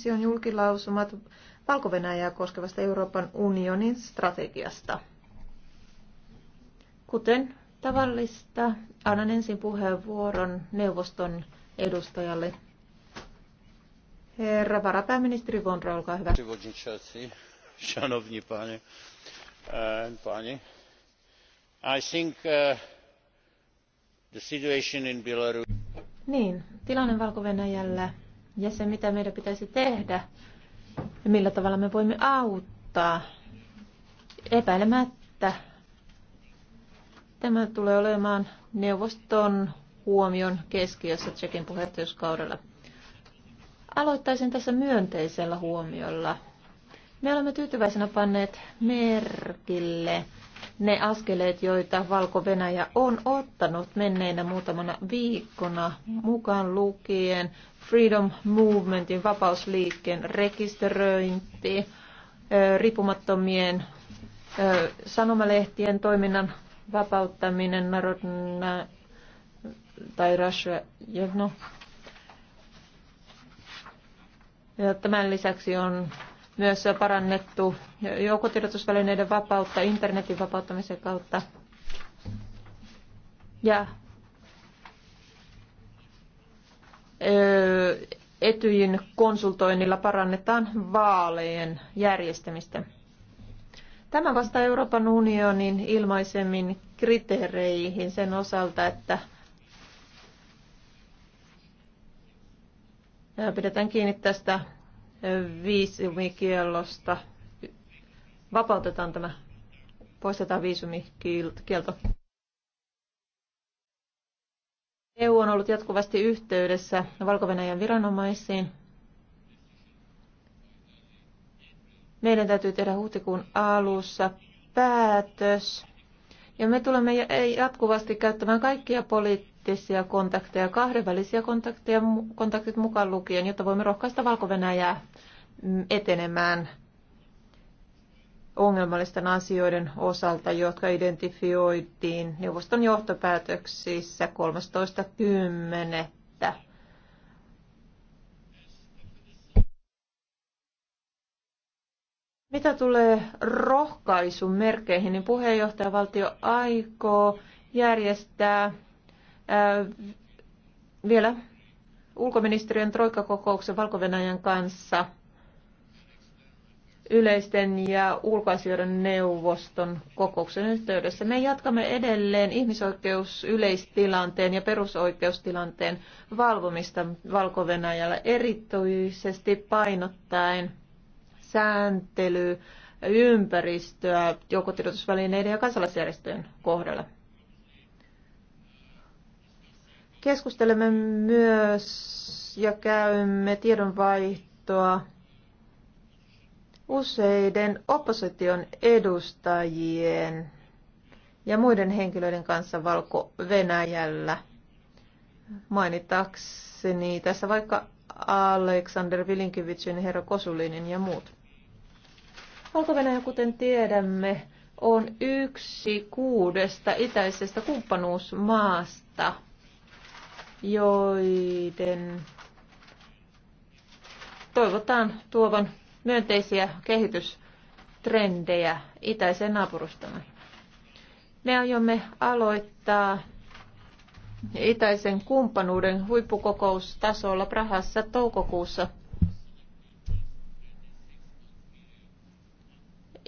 Se on julkilausumat valko koskevasta Euroopan unionin strategiasta. Kuten tavallista, annan ensin puheenvuoron neuvoston edustajalle. Herra varapääministeri Vondra, olkaa hyvä. E, e, niin, tilanne Valko-Venäjällä ja se, mitä meidän pitäisi tehdä ja millä tavalla me voimme auttaa. Epäilemättä tämä tulee olemaan neuvoston huomion keskiössä Tsekin puheenjohtajuuskaudella. Aloittaisin tässä myönteisellä huomiolla. Me olemme tyytyväisenä panneet merkille ne askeleet, joita Valko-Venäjä on ottanut menneinä muutamana viikkona mukaan lukien Freedom Movementin vapausliikkeen rekisteröinti, riippumattomien sanomalehtien toiminnan vapauttaminen Narodna tai Russia, no. Ja tämän lisäksi on myös parannettu joukotiedotusvälineiden vapautta internetin vapauttamisen kautta. Ja Etyjin konsultoinnilla parannetaan vaalejen järjestämistä. Tämä vastaa Euroopan unionin ilmaisemmin kriteereihin sen osalta, että pidetään kiinni tästä viisumikiellosta vapautetaan tämä, poistetaan viisumikielto. EU on ollut jatkuvasti yhteydessä valko viranomaisiin. Meidän täytyy tehdä huhtikuun alussa päätös. Ja me tulemme jatkuvasti käyttämään kaikkia poliittisia poliittisia kontakteja, kahdenvälisiä kontakteja, kontaktit mukaan lukien, jotta voimme rohkaista valko etenemään ongelmallisten asioiden osalta, jotka identifioitiin neuvoston johtopäätöksissä 13.10. Mitä tulee rohkaisumerkkeihin, merkkeihin, niin puheenjohtajavaltio aikoo järjestää vielä ulkoministeriön troikkakokouksen valko kanssa yleisten ja ulkoasioiden neuvoston kokouksen yhteydessä. Me jatkamme edelleen ihmisoikeusyleistilanteen ja perusoikeustilanteen valvomista valko erityisesti painottaen sääntely, ympäristöä, joukkotiedotusvälineiden ja kansalaisjärjestöjen kohdalla. Keskustelemme myös ja käymme tiedonvaihtoa useiden opposition edustajien ja muiden henkilöiden kanssa Valko-Venäjällä. Mainitakseni tässä vaikka Aleksander Vilinkivitsyn, Herra Kosulinin ja muut. valko kuten tiedämme, on yksi kuudesta itäisestä kumppanuusmaasta – joiden toivotaan tuovan myönteisiä kehitystrendejä itäiseen naapurustamme. Me aiomme aloittaa itäisen kumppanuuden huippukokoustasolla Prahassa toukokuussa.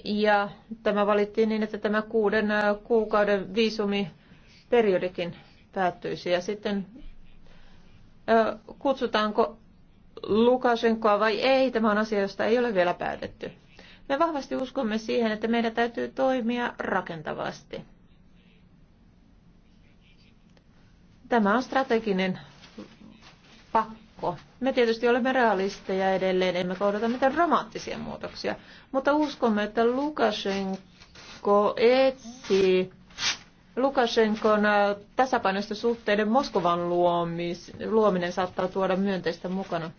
Ja tämä valittiin niin, että tämä kuuden kuukauden viisumiperiodikin päättyisi. Ja sitten kutsutaanko Lukashenkoa vai ei, tämä on asia, josta ei ole vielä päätetty. Me vahvasti uskomme siihen, että meidän täytyy toimia rakentavasti. Tämä on strateginen pakko. Me tietysti olemme realisteja edelleen, emme kohdata mitään dramaattisia muutoksia, mutta uskomme, että Lukashenko etsii Lukashenkon äh, tasapainoista suhteiden Moskovan luomis, luominen saattaa tuoda myönteistä mukana.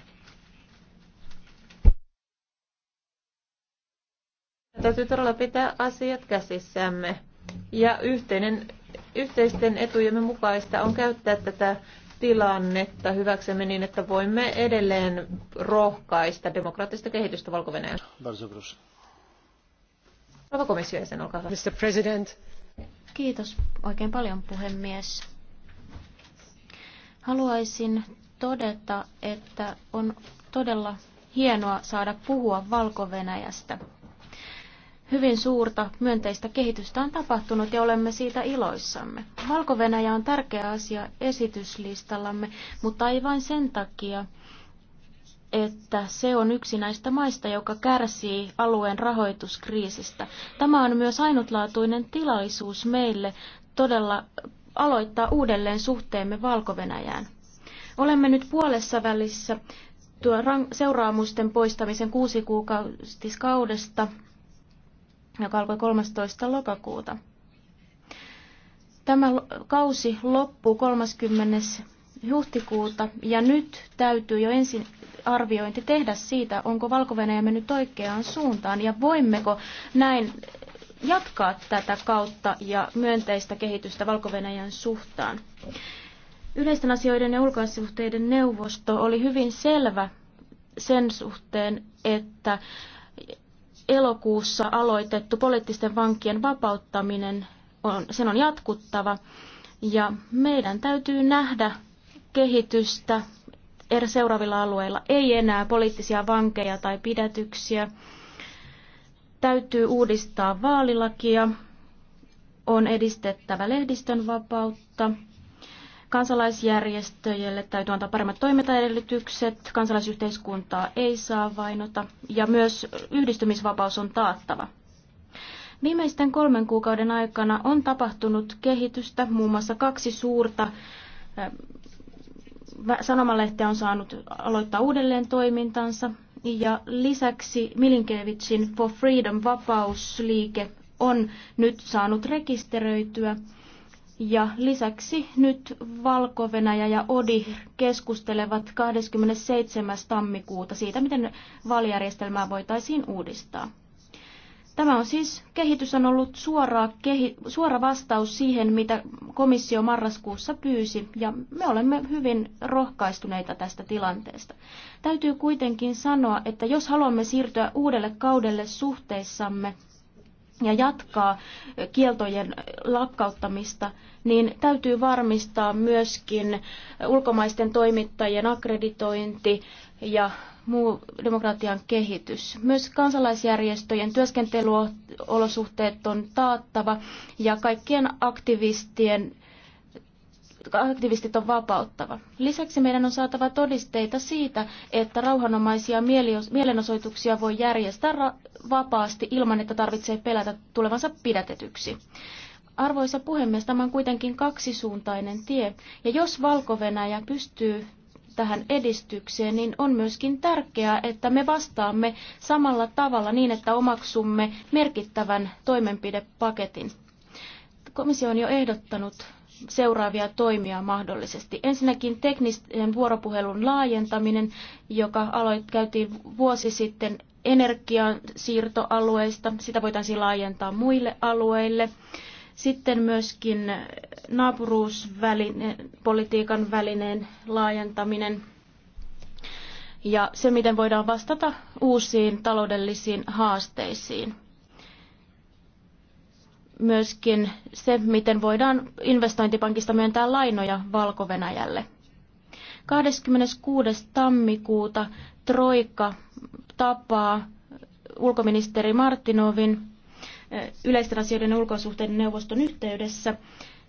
Täytyy todella pitää asiat käsissämme. Ja yhteinen, yhteisten etujemme mukaista on käyttää tätä tilannetta hyväksemme niin, että voimme edelleen rohkaista demokraattista kehitystä Valko-Venäjällä. Rouva olkaa hyvä. Mr. President, Kiitos oikein paljon puhemies. Haluaisin todeta, että on todella hienoa saada puhua Valko-Venäjästä. Hyvin suurta myönteistä kehitystä on tapahtunut ja olemme siitä iloissamme. valko on tärkeä asia esityslistallamme, mutta ei vain sen takia, että se on yksi näistä maista, joka kärsii alueen rahoituskriisistä. Tämä on myös ainutlaatuinen tilaisuus meille todella aloittaa uudelleen suhteemme valko -Venäjään. Olemme nyt puolessa välissä tuo seuraamusten poistamisen kuusi kuukautiskaudesta, joka alkoi 13. lokakuuta. Tämä kausi loppuu 30 huhtikuuta ja nyt täytyy jo ensin arviointi tehdä siitä, onko valko mennyt oikeaan suuntaan ja voimmeko näin jatkaa tätä kautta ja myönteistä kehitystä valko suhtaan. Yleisten asioiden ja ulkoasuhteiden neuvosto oli hyvin selvä sen suhteen, että elokuussa aloitettu poliittisten vankien vapauttaminen on, sen on jatkuttava. Ja meidän täytyy nähdä kehitystä eri seuraavilla alueilla. Ei enää poliittisia vankeja tai pidätyksiä. Täytyy uudistaa vaalilakia. On edistettävä lehdistön vapautta. Kansalaisjärjestöjille täytyy antaa paremmat toimintaedellytykset. Kansalaisyhteiskuntaa ei saa vainota. Ja myös yhdistymisvapaus on taattava. Viimeisten kolmen kuukauden aikana on tapahtunut kehitystä, muun muassa kaksi suurta sanomalehti on saanut aloittaa uudelleen toimintansa ja lisäksi Milinkevitsin For Freedom vapausliike on nyt saanut rekisteröityä ja lisäksi nyt valko ja ODI keskustelevat 27. tammikuuta siitä, miten vaalijärjestelmää voitaisiin uudistaa. Tämä on siis, kehitys on ollut suora, kehi, suora vastaus siihen, mitä komissio marraskuussa pyysi, ja me olemme hyvin rohkaistuneita tästä tilanteesta. Täytyy kuitenkin sanoa, että jos haluamme siirtyä uudelle kaudelle suhteissamme ja jatkaa kieltojen lakkauttamista, niin täytyy varmistaa myöskin ulkomaisten toimittajien akkreditointi ja muu demokratian kehitys. Myös kansalaisjärjestöjen työskentelyolosuhteet on taattava ja kaikkien aktivistien aktivistit on vapauttava. Lisäksi meidän on saatava todisteita siitä, että rauhanomaisia mielenosoituksia voi järjestää vapaasti ilman, että tarvitsee pelätä tulevansa pidätetyksi. Arvoisa puhemies, tämä on kuitenkin kaksisuuntainen tie, ja jos valko pystyy tähän edistykseen, niin on myöskin tärkeää, että me vastaamme samalla tavalla niin, että omaksumme merkittävän toimenpidepaketin. Komissio on jo ehdottanut seuraavia toimia mahdollisesti. Ensinnäkin teknisen vuoropuhelun laajentaminen, joka aloit, käytiin vuosi sitten energian siirtoalueista. Sitä voitaisiin laajentaa muille alueille. Sitten myöskin naapuruuspolitiikan välineen laajentaminen ja se, miten voidaan vastata uusiin taloudellisiin haasteisiin myöskin se, miten voidaan investointipankista myöntää lainoja Valko-Venäjälle. 26. tammikuuta Troika tapaa ulkoministeri Martinovin eh, yleisten asioiden ja ulkosuhteiden neuvoston yhteydessä.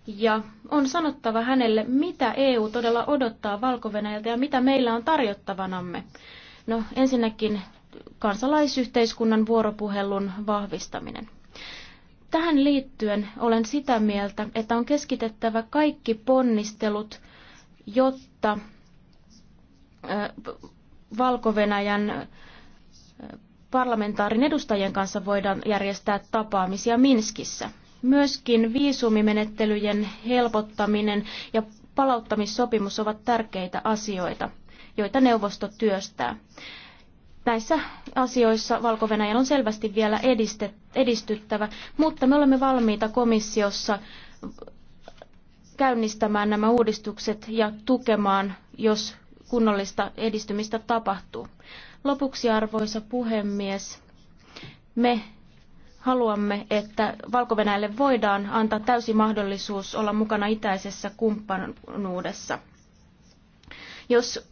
Ja on sanottava hänelle, mitä EU todella odottaa valko ja mitä meillä on tarjottavanamme. No ensinnäkin kansalaisyhteiskunnan vuoropuhelun vahvistaminen. Tähän liittyen olen sitä mieltä, että on keskitettävä kaikki ponnistelut, jotta Valko-Venäjän parlamentaarin edustajien kanssa voidaan järjestää tapaamisia Minskissä. Myöskin viisumimenettelyjen helpottaminen ja palauttamissopimus ovat tärkeitä asioita, joita neuvosto työstää näissä asioissa valko on selvästi vielä edistyttävä, mutta me olemme valmiita komissiossa käynnistämään nämä uudistukset ja tukemaan, jos kunnollista edistymistä tapahtuu. Lopuksi, arvoisa puhemies, me haluamme, että valko voidaan antaa täysi mahdollisuus olla mukana itäisessä kumppanuudessa. Jos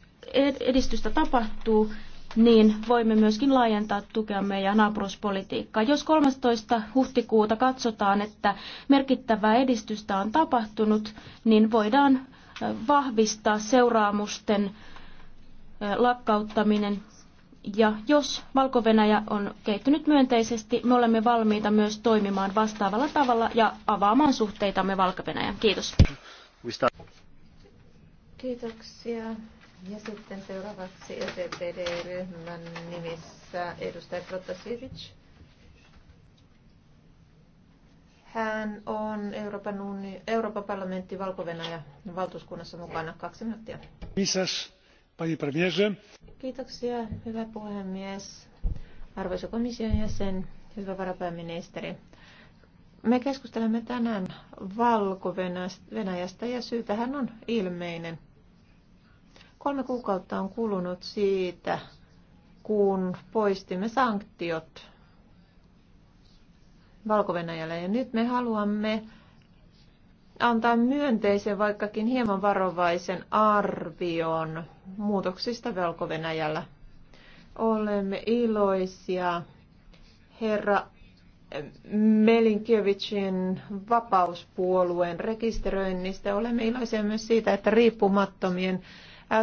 edistystä tapahtuu, niin voimme myöskin laajentaa tukeamme ja naapuruspolitiikkaa. Jos 13. huhtikuuta katsotaan, että merkittävää edistystä on tapahtunut, niin voidaan vahvistaa seuraamusten lakkauttaminen. Ja jos valko on kehittynyt myönteisesti, me olemme valmiita myös toimimaan vastaavalla tavalla ja avaamaan suhteitamme valko -Venäjään. Kiitos. Kiitoksia. Ja sitten seuraavaksi ETPD-ryhmän nimissä edustaja Protasievic. Hän on Euroopan, uni- Euroopan parlamentti valko valtuuskunnassa mukana. Kaksi minuuttia. Missäs, pani premierze? Kiitoksia, hyvä puhemies. Arvoisa komission jäsen, hyvä varapääministeri. Me keskustelemme tänään Valko-Venäjästä ja syytähän on ilmeinen. Kolme kuukautta on kulunut siitä, kun poistimme sanktiot valko Ja nyt me haluamme antaa myönteisen, vaikkakin hieman varovaisen arvion muutoksista valko -Venäjällä. Olemme iloisia herra Melinkiewiczin vapauspuolueen rekisteröinnistä. Olemme iloisia myös siitä, että riippumattomien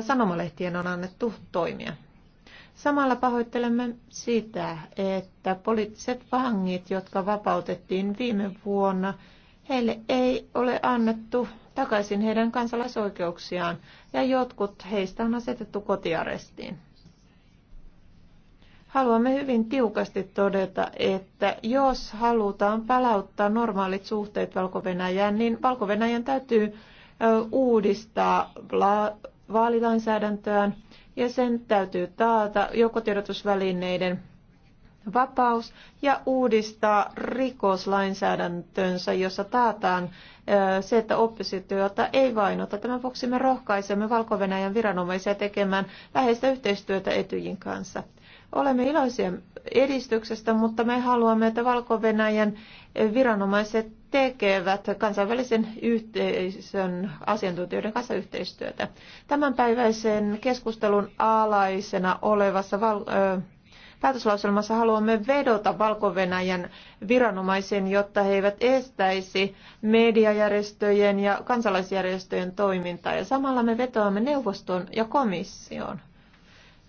sanomalehtien on annettu toimia. Samalla pahoittelemme sitä, että poliittiset vangit, jotka vapautettiin viime vuonna, heille ei ole annettu takaisin heidän kansalaisoikeuksiaan ja jotkut heistä on asetettu kotiarestiin. Haluamme hyvin tiukasti todeta, että jos halutaan palauttaa normaalit suhteet Valko-Venäjään, niin Valko-Venäjän täytyy uudistaa vaalilainsäädäntöään ja sen täytyy taata joukkotiedotusvälineiden vapaus ja uudistaa rikoslainsäädäntönsä, jossa taataan se, että oppositiota ei vainota. Tämän vuoksi me rohkaisemme valko viranomaisia tekemään läheistä yhteistyötä Etyjin kanssa. Olemme iloisia edistyksestä, mutta me haluamme, että Valko-Venäjän viranomaiset tekevät kansainvälisen yhteisön asiantuntijoiden kanssa yhteistyötä. Tämänpäiväisen keskustelun alaisena olevassa val- päätöslauselmassa haluamme vedota valko viranomaisen, jotta he eivät estäisi mediajärjestöjen ja kansalaisjärjestöjen toimintaa. Ja samalla me vetoamme neuvoston ja komissioon,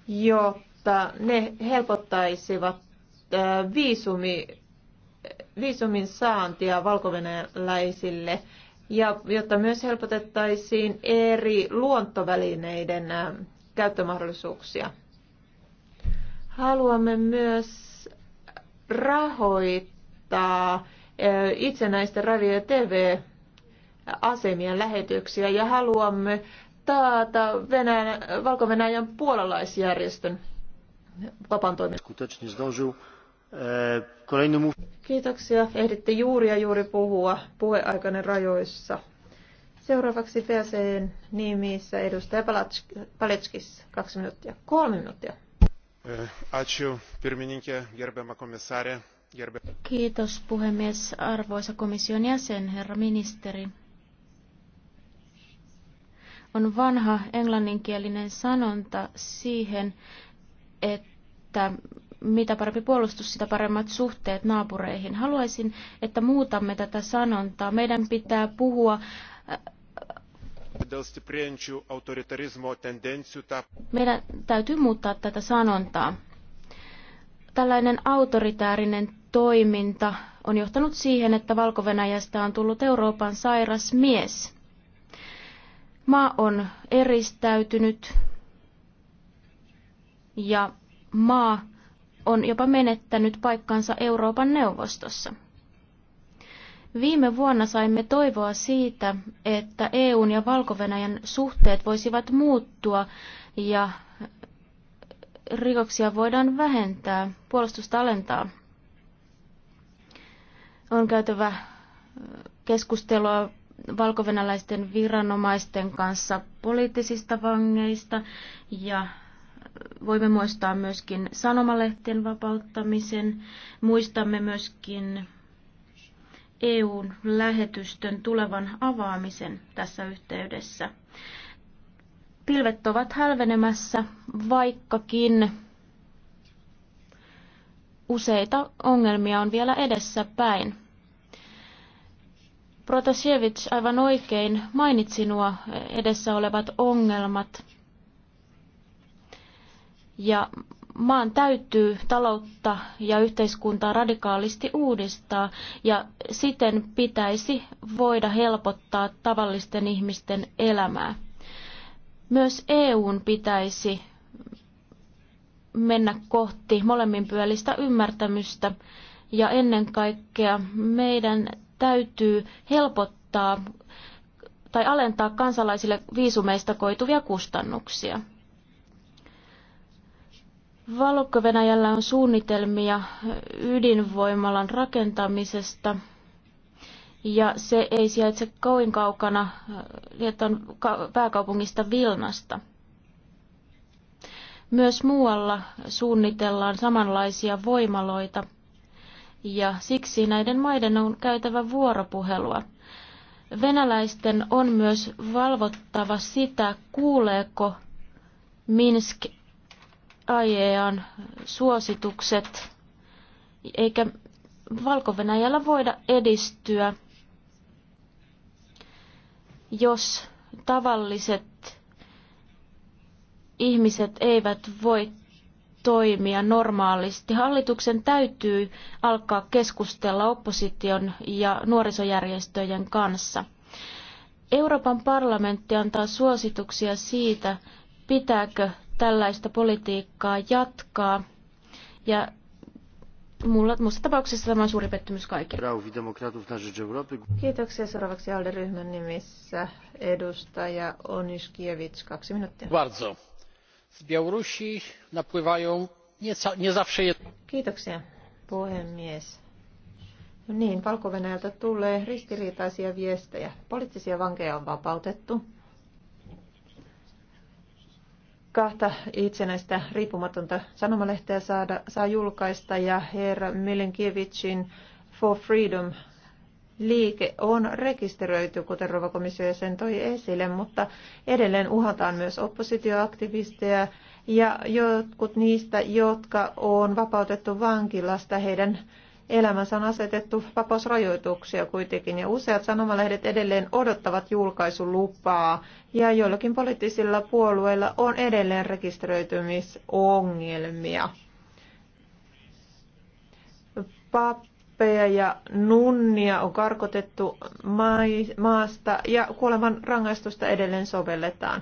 jotta mutta ne helpottaisivat äh, viisumi, viisumin saantia valko ja jotta myös helpotettaisiin eri luontovälineiden äh, käyttömahdollisuuksia. Haluamme myös rahoittaa äh, itsenäisten radio- ja TV-asemien lähetyksiä ja haluamme taata Venäjän, Valko-Venäjän puolalaisjärjestön vapaan toiminnan. E, Kiitoksia. Ehditte juuri ja juuri puhua puheaikainen rajoissa. Seuraavaksi PCn nimissä edustaja Paletskis, kaksi minuuttia, kolme minuuttia. E, ačiū, pirmininkė, gerbiama komisarė. Kiitos puhemies, arvoisa komission jäsen, herra ministeri. On vanha englanninkielinen sanonta siihen, että mitä parempi puolustus, sitä paremmat suhteet naapureihin. Haluaisin, että muutamme tätä sanontaa. Meidän pitää puhua äh, Meidän täytyy muuttaa tätä sanontaa. Tällainen autoritäärinen toiminta on johtanut siihen, että valko on tullut Euroopan sairas mies. Maa on eristäytynyt, ja maa on jopa menettänyt paikkansa Euroopan neuvostossa. Viime vuonna saimme toivoa siitä, että EUn ja valko suhteet voisivat muuttua ja rikoksia voidaan vähentää, puolustusta alentaa. On käytävä keskustelua valko viranomaisten kanssa poliittisista vangeista ja voimme muistaa myöskin sanomalehtien vapauttamisen. Muistamme myöskin EUn lähetystön tulevan avaamisen tässä yhteydessä. Pilvet ovat hälvenemässä, vaikkakin useita ongelmia on vielä edessä päin. Protasevich aivan oikein mainitsi nuo edessä olevat ongelmat ja maan täytyy taloutta ja yhteiskuntaa radikaalisti uudistaa ja siten pitäisi voida helpottaa tavallisten ihmisten elämää. Myös EUn pitäisi mennä kohti molemminpyölistä ymmärtämystä ja ennen kaikkea meidän täytyy helpottaa tai alentaa kansalaisille viisumeista koituvia kustannuksia. Valokko-Venäjällä on suunnitelmia ydinvoimalan rakentamisesta ja se ei sijaitse kauin kaukana Lieton pääkaupungista Vilnasta. Myös muualla suunnitellaan samanlaisia voimaloita ja siksi näiden maiden on käytävä vuoropuhelua. Venäläisten on myös valvottava sitä, kuuleeko Minsk IEAn suositukset, eikä valko voida edistyä, jos tavalliset ihmiset eivät voi toimia normaalisti. Hallituksen täytyy alkaa keskustella opposition ja nuorisojärjestöjen kanssa. Euroopan parlamentti antaa suosituksia siitä, pitääkö tällaista politiikkaa jatkaa. Ja mulla, musta tapauksessa tämä on suuri pettymys kaikille. Kiitoksia. Seuraavaksi ALDE-ryhmän nimissä edustaja Oniszkiewicz. Kaksi minuuttia. Bardzo. Z Białorusi napływają nie zawsze... Kiitoksia, puhemies. No niin, valko tulee ristiriitaisia viestejä. Poliittisia vankeja on vapautettu kahta itsenäistä riippumatonta sanomalehteä saada, saa julkaista ja herra Milenkievicin For Freedom liike on rekisteröity, kuten Rovakomissio sen toi esille, mutta edelleen uhataan myös oppositioaktivisteja ja jotkut niistä, jotka on vapautettu vankilasta, heidän elämänsä on asetettu vapausrajoituksia kuitenkin ja useat sanomalehdet edelleen odottavat julkaisulupaa ja joillakin poliittisilla puolueilla on edelleen rekisteröitymisongelmia. Pappeja ja nunnia on karkotettu maasta ja kuoleman rangaistusta edelleen sovelletaan.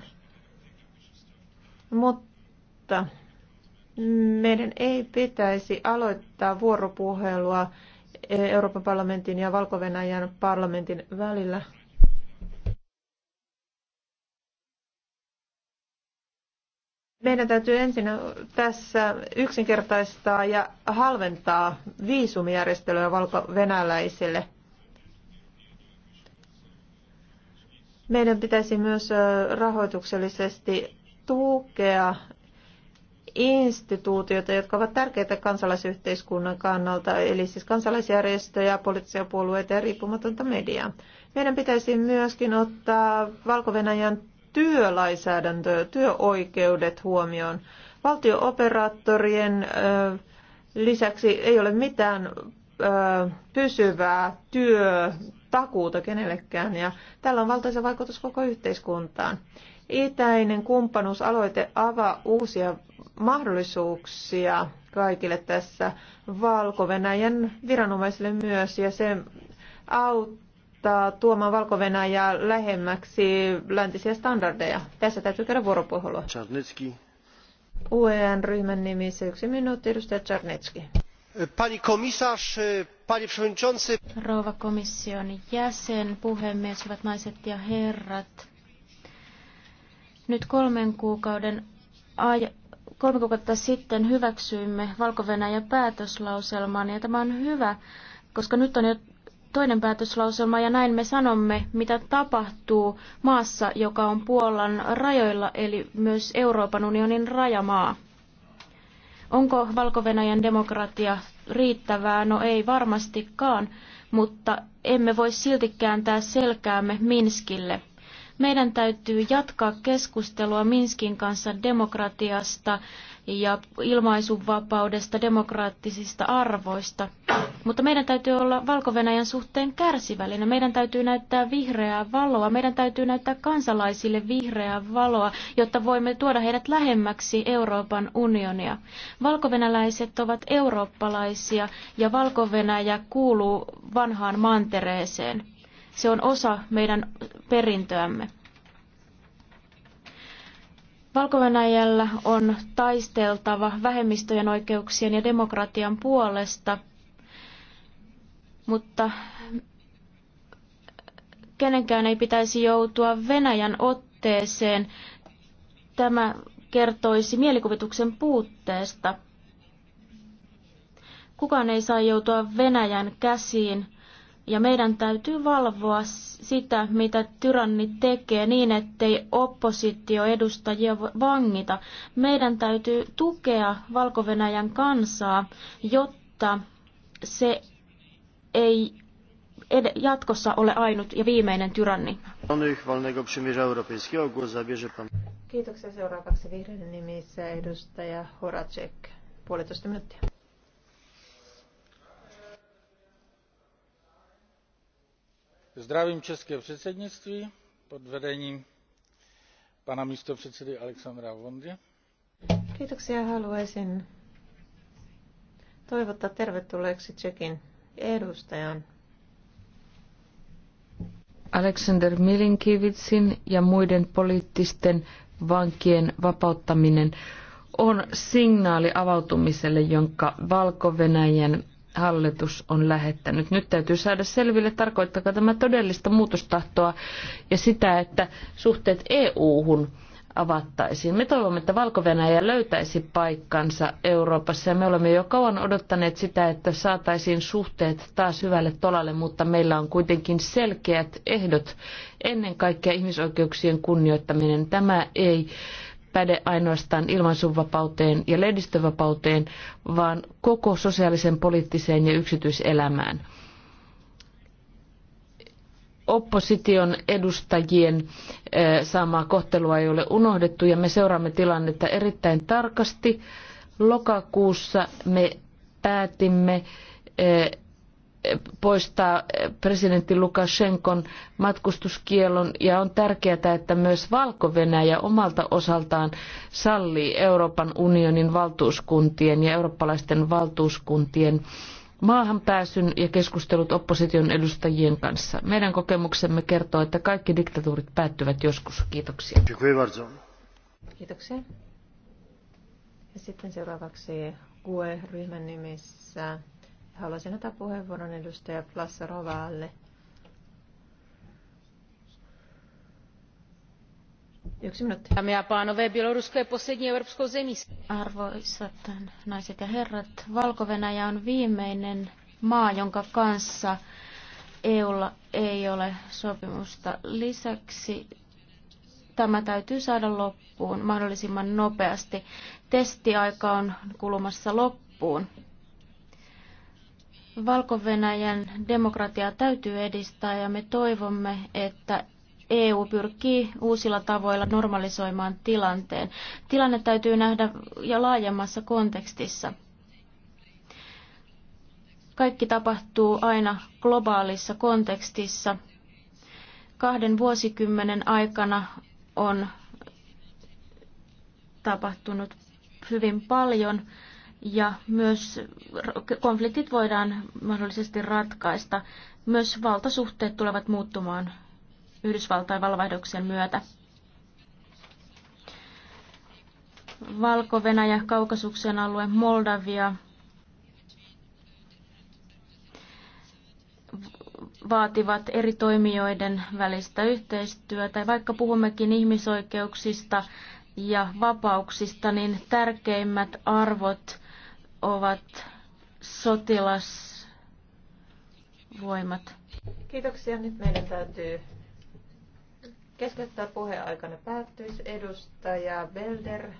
Mutta meidän ei pitäisi aloittaa vuoropuhelua Euroopan parlamentin ja valko parlamentin välillä. Meidän täytyy ensin tässä yksinkertaistaa ja halventaa viisumijärjestelyä valko-venäläisille. Meidän pitäisi myös rahoituksellisesti tukea instituutioita, jotka ovat tärkeitä kansalaisyhteiskunnan kannalta, eli siis kansalaisjärjestöjä, poliittisia puolueita ja riippumatonta mediaa. Meidän pitäisi myöskin ottaa Valko-Venäjän työlainsäädäntö, työoikeudet huomioon. Valtiooperaattorien lisäksi ei ole mitään pysyvää työtakuuta kenellekään, ja tällä on valtaisa vaikutus koko yhteiskuntaan. Itäinen kumppanuusaloite avaa uusia mahdollisuuksia kaikille tässä valko viranomaisille myös ja se auttaa tuomaan valko lähemmäksi läntisiä standardeja. Tässä täytyy käydä vuoropuhelua. UEN-ryhmän nimissä yksi minuutti, edustaja Czarnecki. Pani komisarz, pani przewodniczący. Rouva komission jäsen, puhemies, hyvät naiset ja herrat. Nyt kolmen kuukauden ajan. Kolme kuukautta sitten hyväksyimme valko päätöslauselman ja tämä on hyvä, koska nyt on jo toinen päätöslauselma ja näin me sanomme, mitä tapahtuu maassa, joka on Puolan rajoilla, eli myös Euroopan unionin rajamaa. Onko valko demokratia riittävää? No ei varmastikaan, mutta emme voi silti kääntää selkäämme Minskille. Meidän täytyy jatkaa keskustelua Minskin kanssa demokratiasta ja ilmaisuvapaudesta, demokraattisista arvoista. Mutta meidän täytyy olla valko suhteen kärsivällinen. Meidän täytyy näyttää vihreää valoa. Meidän täytyy näyttää kansalaisille vihreää valoa, jotta voimme tuoda heidät lähemmäksi Euroopan unionia. Valkovenäläiset ovat eurooppalaisia ja valko kuuluu vanhaan mantereeseen. Se on osa meidän perintöämme. valko on taisteltava vähemmistöjen oikeuksien ja demokratian puolesta, mutta kenenkään ei pitäisi joutua Venäjän otteeseen. Tämä kertoisi mielikuvituksen puutteesta. Kukaan ei saa joutua Venäjän käsiin. Ja meidän täytyy valvoa sitä, mitä tyranni tekee niin, ettei oppositioedustajia vangita. Meidän täytyy tukea valko kansaa, jotta se ei jatkossa ole ainut ja viimeinen tyranni. Kiitoksia seuraavaksi vihreiden nimissä edustaja Horacek. Puolitoista minuuttia. zdravím české předsednictví pod vedením pana místopředsedy Aleksandra Vondia. Kiitoksia haluaisin toivottaa tervetulleeksi Tsekin edustajan Alexander Milinkivitsin ja muiden poliittisten vankien vapauttaminen on signaali avautumiselle, jonka valko venäjän hallitus on lähettänyt. Nyt täytyy saada selville, tarkoittaako tämä todellista muutostahtoa ja sitä, että suhteet EU-hun avattaisiin. Me toivomme, että valko löytäisi paikkansa Euroopassa ja me olemme jo kauan odottaneet sitä, että saataisiin suhteet taas hyvälle tolalle, mutta meillä on kuitenkin selkeät ehdot. Ennen kaikkea ihmisoikeuksien kunnioittaminen. Tämä ei päde ainoastaan ilmaisuvapauteen ja lehdistövapauteen, vaan koko sosiaalisen, poliittiseen ja yksityiselämään. Opposition edustajien eh, saamaa kohtelua ei ole unohdettu ja me seuraamme tilannetta erittäin tarkasti. Lokakuussa me päätimme eh, poistaa presidentti Lukashenkon matkustuskielon ja on tärkeää, että myös Valko-Venäjä omalta osaltaan sallii Euroopan unionin valtuuskuntien ja eurooppalaisten valtuuskuntien maahanpääsyn ja keskustelut opposition edustajien kanssa. Meidän kokemuksemme kertoo, että kaikki diktatuurit päättyvät joskus. Kiitoksia. Kiitoksia. Ja sitten seuraavaksi QE-ryhmän nimissä haluaisin ottaa puheenvuoron edustaja Rovaalle. Yksi minuutti. Arvoisat naiset ja herrat, valko on viimeinen maa, jonka kanssa EUlla ei ole sopimusta. Lisäksi tämä täytyy saada loppuun mahdollisimman nopeasti. Testiaika on kulumassa loppuun. Valko-Venäjän demokratiaa täytyy edistää ja me toivomme, että EU pyrkii uusilla tavoilla normalisoimaan tilanteen. Tilanne täytyy nähdä ja laajemmassa kontekstissa. Kaikki tapahtuu aina globaalissa kontekstissa. Kahden vuosikymmenen aikana on tapahtunut hyvin paljon ja myös konfliktit voidaan mahdollisesti ratkaista. Myös valtasuhteet tulevat muuttumaan Yhdysvaltain valvaihdoksen myötä. Valko-Venäjä, Kaukasuksen alue, Moldavia vaativat eri toimijoiden välistä yhteistyötä. Vaikka puhummekin ihmisoikeuksista ja vapauksista, niin tärkeimmät arvot ovat sotilasvoimat. Kiitoksia. Nyt meidän täytyy keskeyttää puheaikana päättyisi edustaja Belder.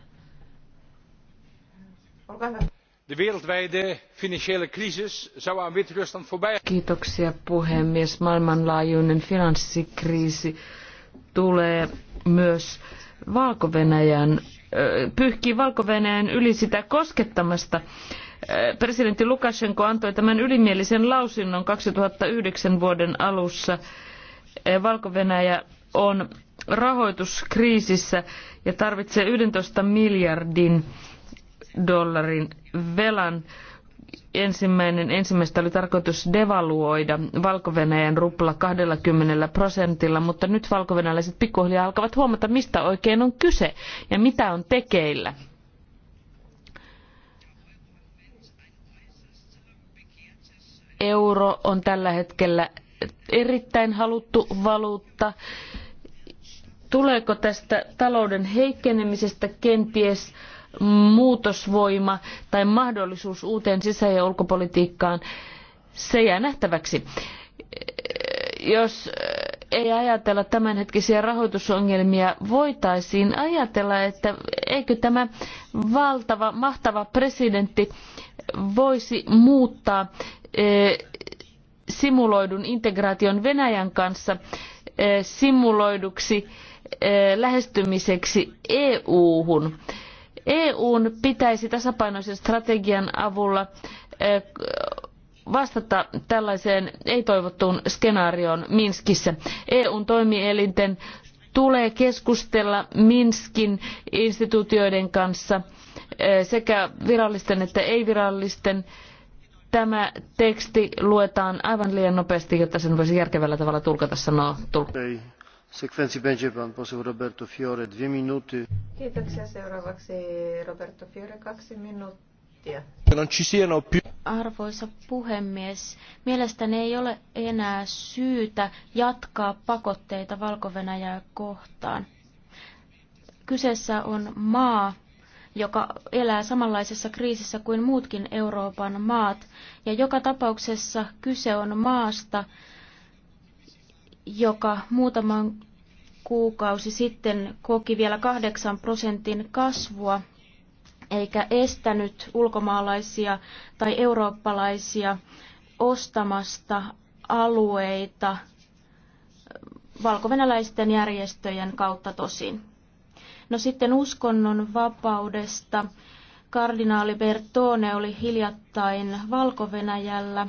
Olkaa hyvä. De wereldwijde financiële crisis zou aan Wit-Rusland voorbij. Kiitoksia puhemies. Maailmanlaajuinen finanssikriisi tulee myös Valko-Venäjän pyyhkii valko yli sitä koskettamasta. Presidentti Lukashenko antoi tämän ylimielisen lausinnon 2009 vuoden alussa. valko on rahoituskriisissä ja tarvitsee 11 miljardin dollarin velan ensimmäinen ensimmäistä oli tarkoitus devaluoida valko rupla kaksikymmentä prosentilla, mutta nyt valkovenäläiset pikkuhiljaa alkavat huomata, mistä oikein on kyse ja mitä on tekeillä. Euro on tällä hetkellä erittäin haluttu valuutta. Tuleeko tästä talouden heikkenemisestä kenties muutosvoima tai mahdollisuus uuteen sisä- ja ulkopolitiikkaan, se jää nähtäväksi. Jos ei ajatella tämänhetkisiä rahoitusongelmia, voitaisiin ajatella, että eikö tämä valtava, mahtava presidentti voisi muuttaa e, simuloidun integraation Venäjän kanssa e, simuloiduksi e, lähestymiseksi EU-hun. EUn pitäisi tasapainoisen strategian avulla eh, vastata tällaiseen ei-toivottuun skenaarioon Minskissä. EUn toimielinten tulee keskustella Minskin instituutioiden kanssa eh, sekä virallisten että ei-virallisten. Tämä teksti luetaan aivan liian nopeasti, jotta sen voisi järkevällä tavalla tulkata, sanoo tulkka. Sekwencji będzie pan poseł Roberto Fiore, dwie minuty. Siis Arvoisa puhemies, mielestäni ei ole enää syytä jatkaa pakotteita valko kohtaan. Kyseessä on maa, joka elää samanlaisessa kriisissä kuin muutkin Euroopan maat, ja joka tapauksessa kyse on maasta, joka muutaman kuukausi sitten koki vielä 8 prosentin kasvua eikä estänyt ulkomaalaisia tai eurooppalaisia ostamasta alueita valkovenäläisten järjestöjen kautta tosin. No sitten uskonnon vapaudesta. Kardinaali Bertone oli hiljattain valko -Venäjällä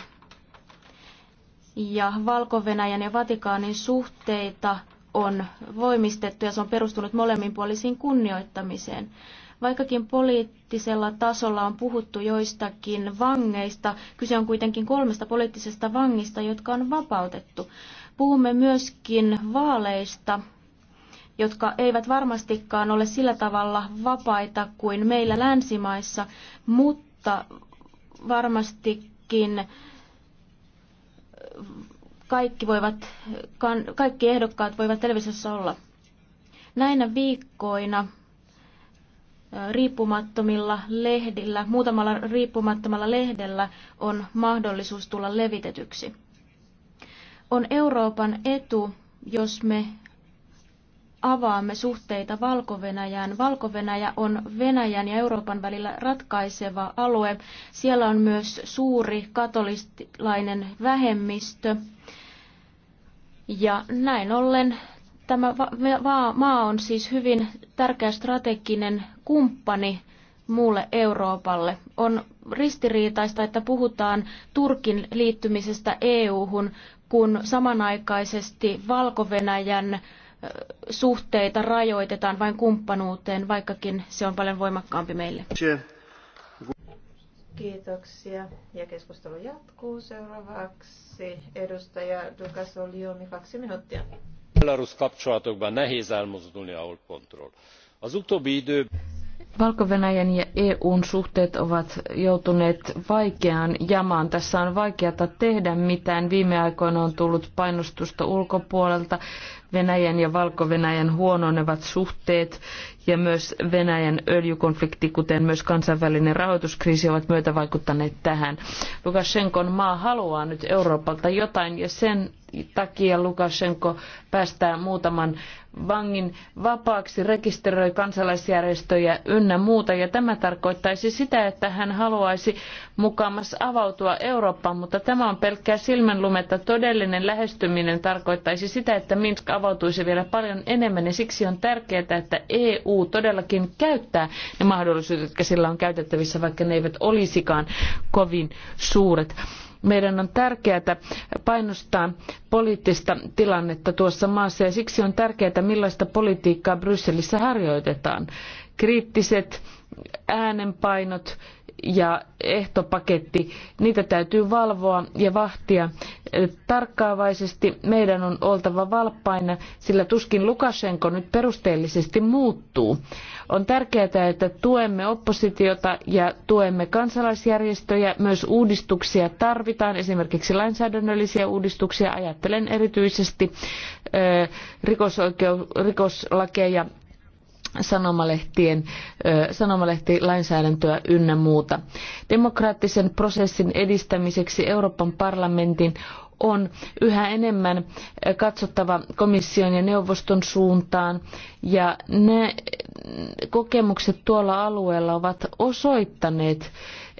ja valko ja Vatikaanin suhteita on voimistettu ja se on perustunut molemminpuolisiin kunnioittamiseen. Vaikkakin poliittisella tasolla on puhuttu joistakin vangeista, kyse on kuitenkin kolmesta poliittisesta vangista, jotka on vapautettu. Puhumme myöskin vaaleista, jotka eivät varmastikaan ole sillä tavalla vapaita kuin meillä länsimaissa, mutta varmastikin kaikki, voivat, kaikki ehdokkaat voivat televisiossa olla. Näinä viikkoina riippumattomilla lehdillä, muutamalla riippumattomalla lehdellä on mahdollisuus tulla levitetyksi. On Euroopan etu, jos me avaamme suhteita Valko-Venäjään. Valko-Venäjä on Venäjän ja Euroopan välillä ratkaiseva alue. Siellä on myös suuri katolistilainen vähemmistö. Ja näin ollen tämä maa on siis hyvin tärkeä strateginen kumppani muulle Euroopalle. On ristiriitaista, että puhutaan Turkin liittymisestä EU-hun, kun samanaikaisesti Valko-Venäjän suhteita rajoitetaan vain kumppanuuteen, vaikkakin se on paljon voimakkaampi meille. Kiitoksia. Ja keskustelu jatkuu seuraavaksi. Edustaja Dukas Oliomi, kaksi minuuttia. Belarus kapcsolatokban nehéz elmozdulni a holpontról. Az utóbbi idő valko ja EUn suhteet ovat joutuneet vaikeaan jamaan. Tässä on vaikeata tehdä mitään. Viime aikoina on tullut painostusta ulkopuolelta. Venäjän ja valko -Venäjän huononevat suhteet ja myös Venäjän öljykonflikti, kuten myös kansainvälinen rahoituskriisi, ovat vaikuttaneet tähän. Lukashenkon maa haluaa nyt Euroopalta jotain ja sen takia Lukashenko päästää muutaman vangin vapaaksi, rekisteröi kansalaisjärjestöjä ynnä muuta. Ja tämä tarkoittaisi sitä, että hän haluaisi mukamas avautua Eurooppaan, mutta tämä on pelkkää silmänlumetta. Todellinen lähestyminen tarkoittaisi sitä, että Minsk avautuisi vielä paljon enemmän ja siksi on tärkeää, että EU todellakin käyttää ne mahdollisuudet, jotka sillä on käytettävissä, vaikka ne eivät olisikaan kovin suuret. Meidän on tärkeää painostaa poliittista tilannetta tuossa maassa ja siksi on tärkeää, millaista politiikkaa Brysselissä harjoitetaan. Kriittiset äänenpainot ja ehtopaketti, niitä täytyy valvoa ja vahtia tarkkaavaisesti. Meidän on oltava valppaina, sillä tuskin Lukashenko nyt perusteellisesti muuttuu. On tärkeää, että tuemme oppositiota ja tuemme kansalaisjärjestöjä. Myös uudistuksia tarvitaan, esimerkiksi lainsäädännöllisiä uudistuksia. Ajattelen erityisesti rikosoikeu- rikoslakeja sanomalehtien, sanomalehtilainsäädäntöä ynnä muuta. Demokraattisen prosessin edistämiseksi Euroopan parlamentin on yhä enemmän katsottava komission ja neuvoston suuntaan. Ja ne kokemukset tuolla alueella ovat osoittaneet,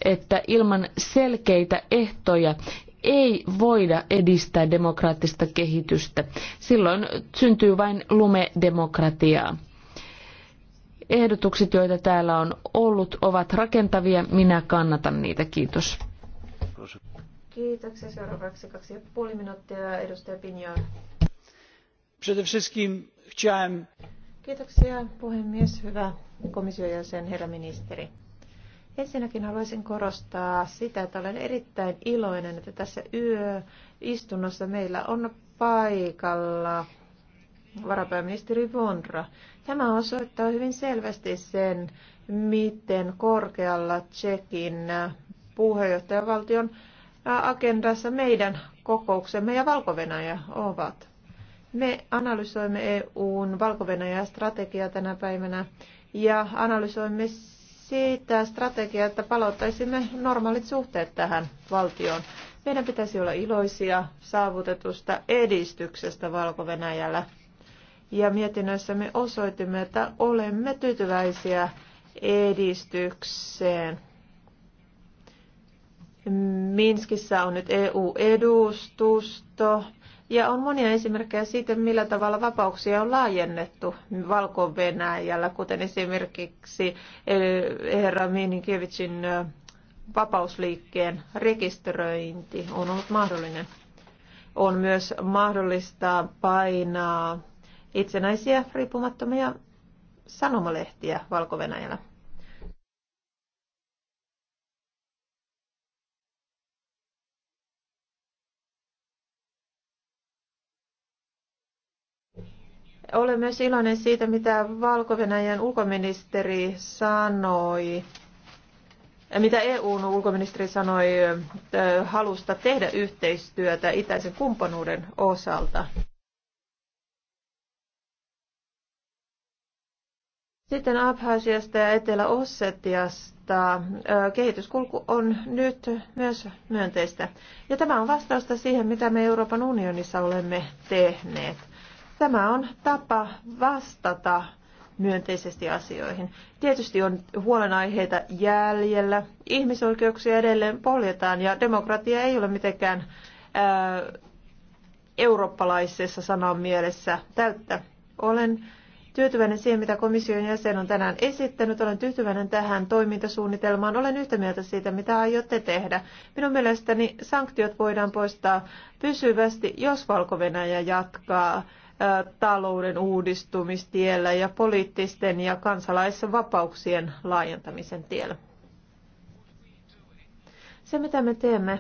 että ilman selkeitä ehtoja ei voida edistää demokraattista kehitystä. Silloin syntyy vain lumedemokratiaa. Ehdotukset, joita täällä on ollut, ovat rakentavia. Minä kannatan niitä. Kiitos. Kiitoksia. Seuraavaksi kaksi ja puoli minuuttia edustaja Pinjoa. Przede wszystkim chciałem... Kiitoksia puhemies, hyvä herra ministeri. Ensinnäkin haluaisin korostaa sitä, että olen erittäin iloinen, että tässä yöistunnossa meillä on paikalla varapääministeri Vondra. Tämä osoittaa hyvin selvästi sen, miten korkealla Tsekin puheenjohtajavaltion agendassa meidän kokouksemme ja valko ovat. Me analysoimme EUn valko strategiaa tänä päivänä ja analysoimme siitä strategiaa, että palauttaisimme normaalit suhteet tähän valtioon. Meidän pitäisi olla iloisia saavutetusta edistyksestä valko -Venäjällä. Ja mietinnössä me osoitimme, että olemme tyytyväisiä edistykseen. Minskissä on nyt EU-edustusto ja on monia esimerkkejä siitä, millä tavalla vapauksia on laajennettu Valko-Venäjällä, kuten esimerkiksi herra Mieninkiewiczin vapausliikkeen rekisteröinti on ollut mahdollinen. On myös mahdollista painaa itsenäisiä riippumattomia sanomalehtiä Valko-Venäjällä. Olen myös iloinen siitä, mitä valko ulkoministeri sanoi, äh, mitä EUn ulkoministeri sanoi äh, halusta tehdä yhteistyötä itäisen kumppanuuden osalta. Sitten Abhasiasta ja Etelä-Ossetiasta äh, kehityskulku on nyt myös myönteistä. Ja tämä on vastausta siihen, mitä me Euroopan unionissa olemme tehneet. Tämä on tapa vastata myönteisesti asioihin. Tietysti on huolenaiheita jäljellä. Ihmisoikeuksia edelleen poljetaan ja demokratia ei ole mitenkään ää, eurooppalaisessa sanan mielessä täyttä. Olen tyytyväinen siihen, mitä komission jäsen on tänään esittänyt. Olen tyytyväinen tähän toimintasuunnitelmaan. Olen yhtä mieltä siitä, mitä aiotte tehdä. Minun mielestäni sanktiot voidaan poistaa pysyvästi, jos valko jatkaa talouden uudistumistiellä ja poliittisten ja kansalaisvapauksien laajentamisen tiellä. Se, mitä me teemme,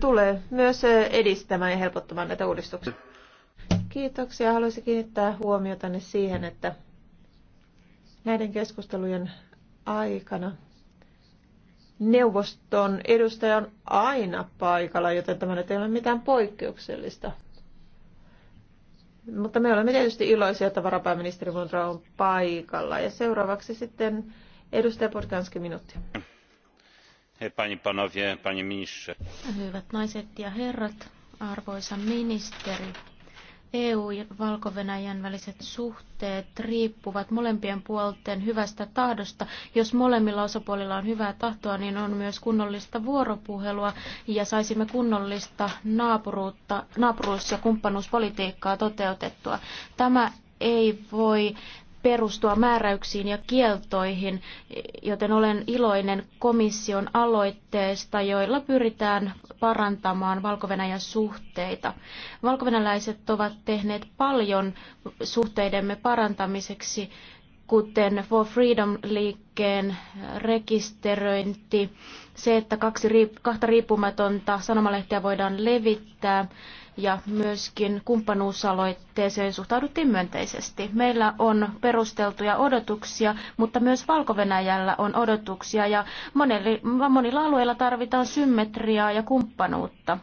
tulee myös edistämään ja helpottamaan näitä uudistuksia. Kiitoksia. Haluaisin kiinnittää huomiota siihen, että näiden keskustelujen aikana neuvoston edustaja on aina paikalla, joten tämä ei ole mitään poikkeuksellista. Mutta me olemme tietysti iloisia, että varapääministeri Vondra on paikalla. Ja seuraavaksi sitten edustaja Portkanski minuutti. Pani panowie, pani Hyvät naiset ja herrat, arvoisa ministeri. EU- ja valko väliset suhteet riippuvat molempien puolten hyvästä tahdosta. Jos molemmilla osapuolilla on hyvää tahtoa, niin on myös kunnollista vuoropuhelua ja saisimme kunnollista naapuruutta, naapuruus- ja kumppanuuspolitiikkaa toteutettua. Tämä ei voi perustua määräyksiin ja kieltoihin, joten olen iloinen komission aloitteesta, joilla pyritään parantamaan valko suhteita. Valkovenäläiset ovat tehneet paljon suhteidemme parantamiseksi, kuten For Freedom-liikkeen rekisteröinti, se, että kaksi, kahta riippumatonta sanomalehteä voidaan levittää, ja myöskin kumppanuusaloitteeseen suhtauduttiin myönteisesti. Meillä on perusteltuja odotuksia, mutta myös valko on odotuksia ja monilla alueilla tarvitaan symmetriaa ja kumppanuutta.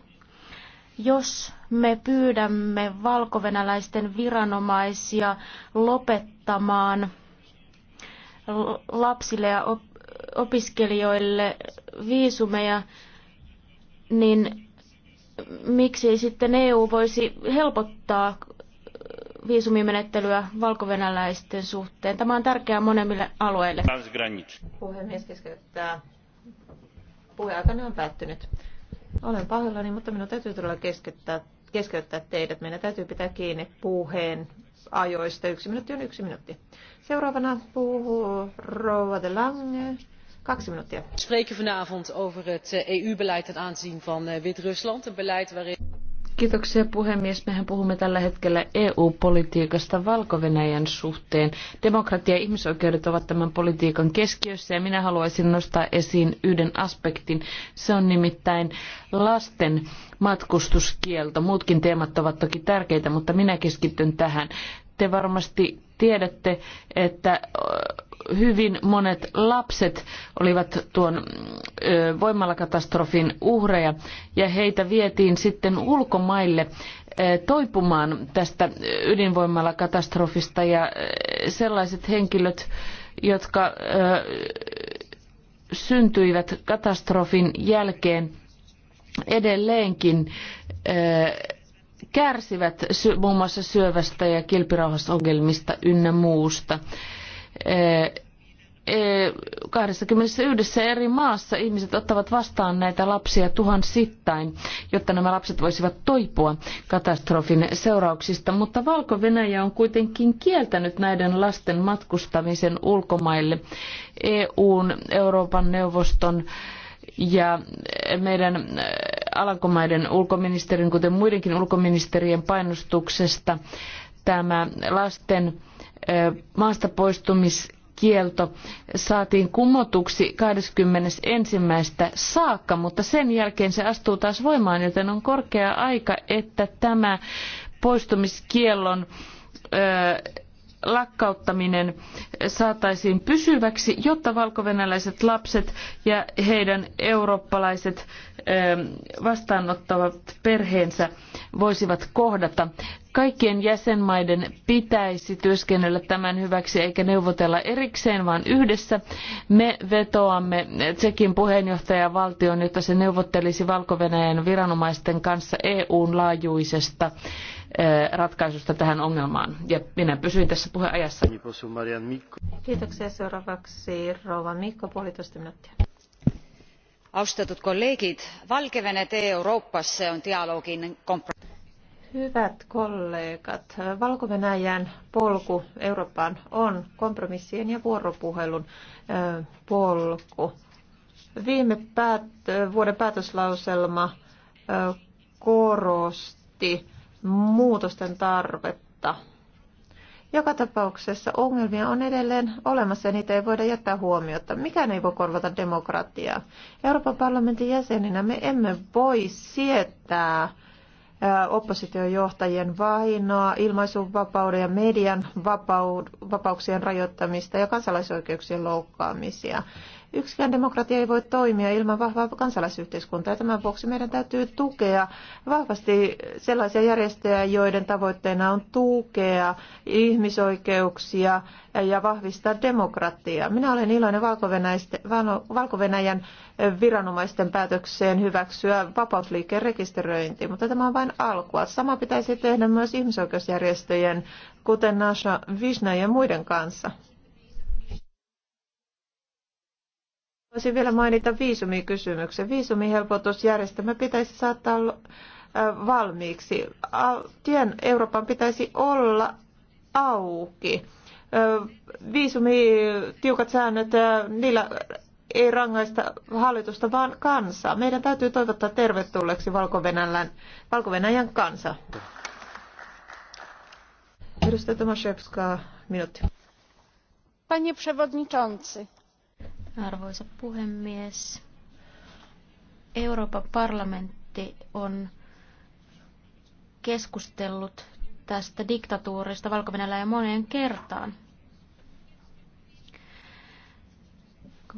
Jos me pyydämme valkovenäläisten viranomaisia lopettamaan lapsille ja opiskelijoille viisumeja, niin miksi ei sitten EU voisi helpottaa äh, viisumimenettelyä valkovenäläisten suhteen. Tämä on tärkeää monemmille alueille. Puhemies keskeyttää. Puheaikani on päättynyt. Olen pahoillani, mutta minun täytyy todella keskeyttää, keskeyttää teidät. Meidän täytyy pitää kiinni puheen ajoista. Yksi minuutti on yksi minuutti. Seuraavana puhuu Rouva de Lange we Spreken vanavond over het EU-beleid eh, e ten aanzien van eh, Wit-Rusland. Een beleid waarin... Kiitoksia puhemies. Mehän puhumme tällä hetkellä EU-politiikasta valko suhteen. Demokratia ja ihmisoikeudet ovat tämän politiikan keskiössä ja minä haluaisin nostaa esiin yhden aspektin. Se on nimittäin lasten matkustuskielto. Muutkin teemat ovat toki tärkeitä, mutta minä keskityn tähän. Te varmasti tiedätte, että hyvin monet lapset olivat tuon voimalakatastrofin uhreja ja heitä vietiin sitten ulkomaille toipumaan tästä ydinvoimalakatastrofista ja sellaiset henkilöt, jotka syntyivät katastrofin jälkeen edelleenkin kärsivät muun muassa syövästä ja kilpirauhasongelmista ynnä muusta. 21 eri maassa ihmiset ottavat vastaan näitä lapsia tuhansittain, jotta nämä lapset voisivat toipua katastrofin seurauksista. Mutta Valko-Venäjä on kuitenkin kieltänyt näiden lasten matkustamisen ulkomaille EUn, Euroopan neuvoston ja meidän äh, Alankomaiden ulkoministerin, kuten muidenkin ulkoministerien painostuksesta, tämä lasten maasta poistumiskielto saatiin kumotuksi 21. saakka, mutta sen jälkeen se astuu taas voimaan, joten on korkea aika, että tämä poistumiskiellon lakkauttaminen saataisiin pysyväksi, jotta valkovenäläiset lapset ja heidän eurooppalaiset vastaanottavat perheensä voisivat kohdata Kaikkien jäsenmaiden pitäisi työskennellä tämän hyväksi eikä neuvotella erikseen, vaan yhdessä. Me vetoamme Tsekin puheenjohtajavaltion, jotta se neuvottelisi valko viranomaisten kanssa EUn laajuisesta eh, ratkaisusta tähän ongelmaan. Ja minä pysyin tässä puheajassa. Kiitoksia. Seuraavaksi rouva Mikko, puolitoista minuuttia. Austatud kolleegid, Valgevene e Euroopassa on dialogin kompromissi Hyvät kollegat, valko polku Eurooppaan on kompromissien ja vuoropuhelun polku. Viime päät, vuoden päätöslauselma korosti muutosten tarvetta. Joka tapauksessa ongelmia on edelleen olemassa ja niitä ei voida jättää huomiota. Mikään ei voi korvata demokratiaa. Euroopan parlamentin jäseninä me emme voi sietää oppositiojohtajien vainoa, ilmaisunvapauden ja median vapauksien rajoittamista ja kansalaisoikeuksien loukkaamisia. Yksikään demokratia ei voi toimia ilman vahvaa kansalaisyhteiskuntaa. Ja tämän vuoksi meidän täytyy tukea vahvasti sellaisia järjestöjä, joiden tavoitteena on tukea ihmisoikeuksia ja vahvistaa demokratiaa. Minä olen iloinen valko viranomaisten päätökseen hyväksyä vapausliikkeen rekisteröinti, mutta tämä on vain alkua. Sama pitäisi tehdä myös ihmisoikeusjärjestöjen, kuten Nasha Vishna ja muiden kanssa. Voisin vielä mainita viisumikysymyksen. Viisumihelpotusjärjestelmä pitäisi saattaa valmiiksi. Tien Euroopan pitäisi olla auki. Viisumi, tiukat säännöt, niillä ei rangaista hallitusta, vaan kansaa. Meidän täytyy toivottaa tervetulleeksi Valko-Venäjän, Valko kansa. Edustaja Tomaszewska, minuutti. Panie przewodniczący, Arvoisa puhemies, Euroopan parlamentti on keskustellut tästä diktatuurista valko ja moneen kertaan.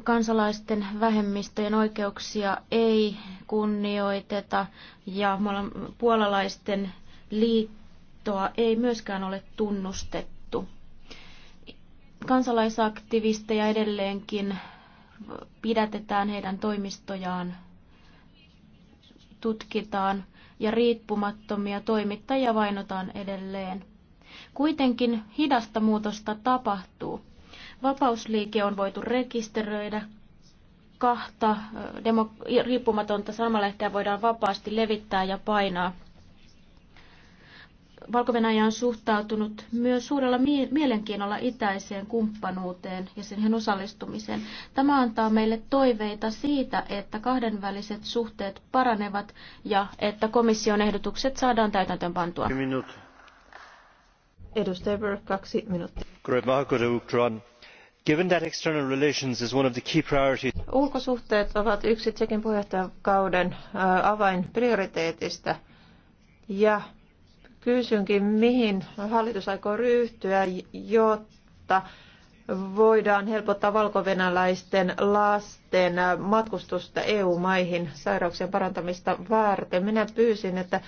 Kansalaisten vähemmistöjen oikeuksia ei kunnioiteta ja puolalaisten liittoa ei myöskään ole tunnustettu. Kansalaisaktivisteja edelleenkin pidätetään heidän toimistojaan, tutkitaan ja riippumattomia toimittajia vainotaan edelleen. Kuitenkin hidasta muutosta tapahtuu. Vapausliike on voitu rekisteröidä, kahta demo- riippumatonta sanomalehteä voidaan vapaasti levittää ja painaa valko on suhtautunut myös suurella mielenkiinnolla itäiseen kumppanuuteen ja siihen osallistumiseen. Tämä antaa meille toiveita siitä, että kahdenväliset suhteet paranevat ja että komission ehdotukset saadaan täytäntöön pantua. Edustaja Berg, kaksi minuuttia. Given that external relations is one of the key priorities. Ulkosuhteet ovat yksi Tsekin puheenjohtajakauden avainprioriteetista ja Kysynkin, mihin hallitus aikoo ryhtyä, jotta voidaan helpottaa valkovenäläisten lasten matkustusta EU-maihin sairauksien parantamista varten. Minä pyysin, että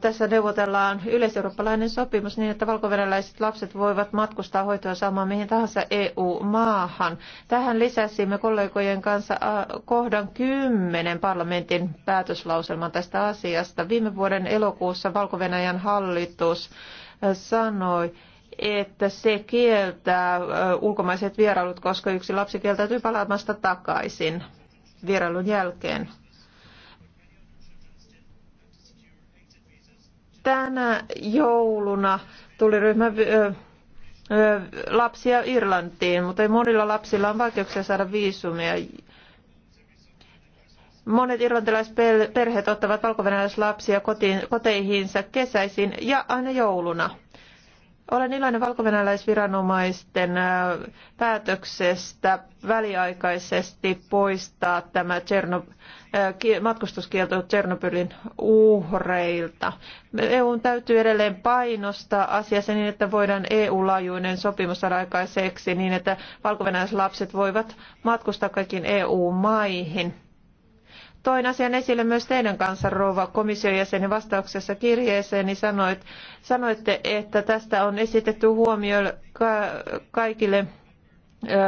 tässä neuvotellaan yleiseurooppalainen sopimus niin, että valkovenäläiset lapset voivat matkustaa hoitoa saamaan mihin tahansa EU-maahan. Tähän lisäsimme kollegojen kanssa kohdan kymmenen parlamentin päätöslauselman tästä asiasta. Viime vuoden elokuussa valko hallitus sanoi, että se kieltää ulkomaiset vierailut, koska yksi lapsi kieltäytyy palaamasta takaisin vierailun jälkeen. Tänä jouluna tuli ryhmä lapsia Irlantiin, mutta monilla lapsilla on vaikeuksia saada viisumia. Monet irlantilaisperheet ottavat valkovenäläislapsia koteihinsa kesäisin ja aina jouluna. Olen iloinen valkovenäläisviranomaisten äh, päätöksestä väliaikaisesti poistaa tämä Tcherno, äh, matkustuskielto Tchernobylin uhreilta. EU täytyy edelleen painostaa asiassa niin, että voidaan EU-laajuinen sopimus saada aikaiseksi niin, että lapset voivat matkustaa kaikkiin EU-maihin toin asian esille myös teidän kanssa, rouva komission jäseni vastauksessa kirjeeseeni sanoit, sanoitte, että tästä on esitetty huomio kaikille ö,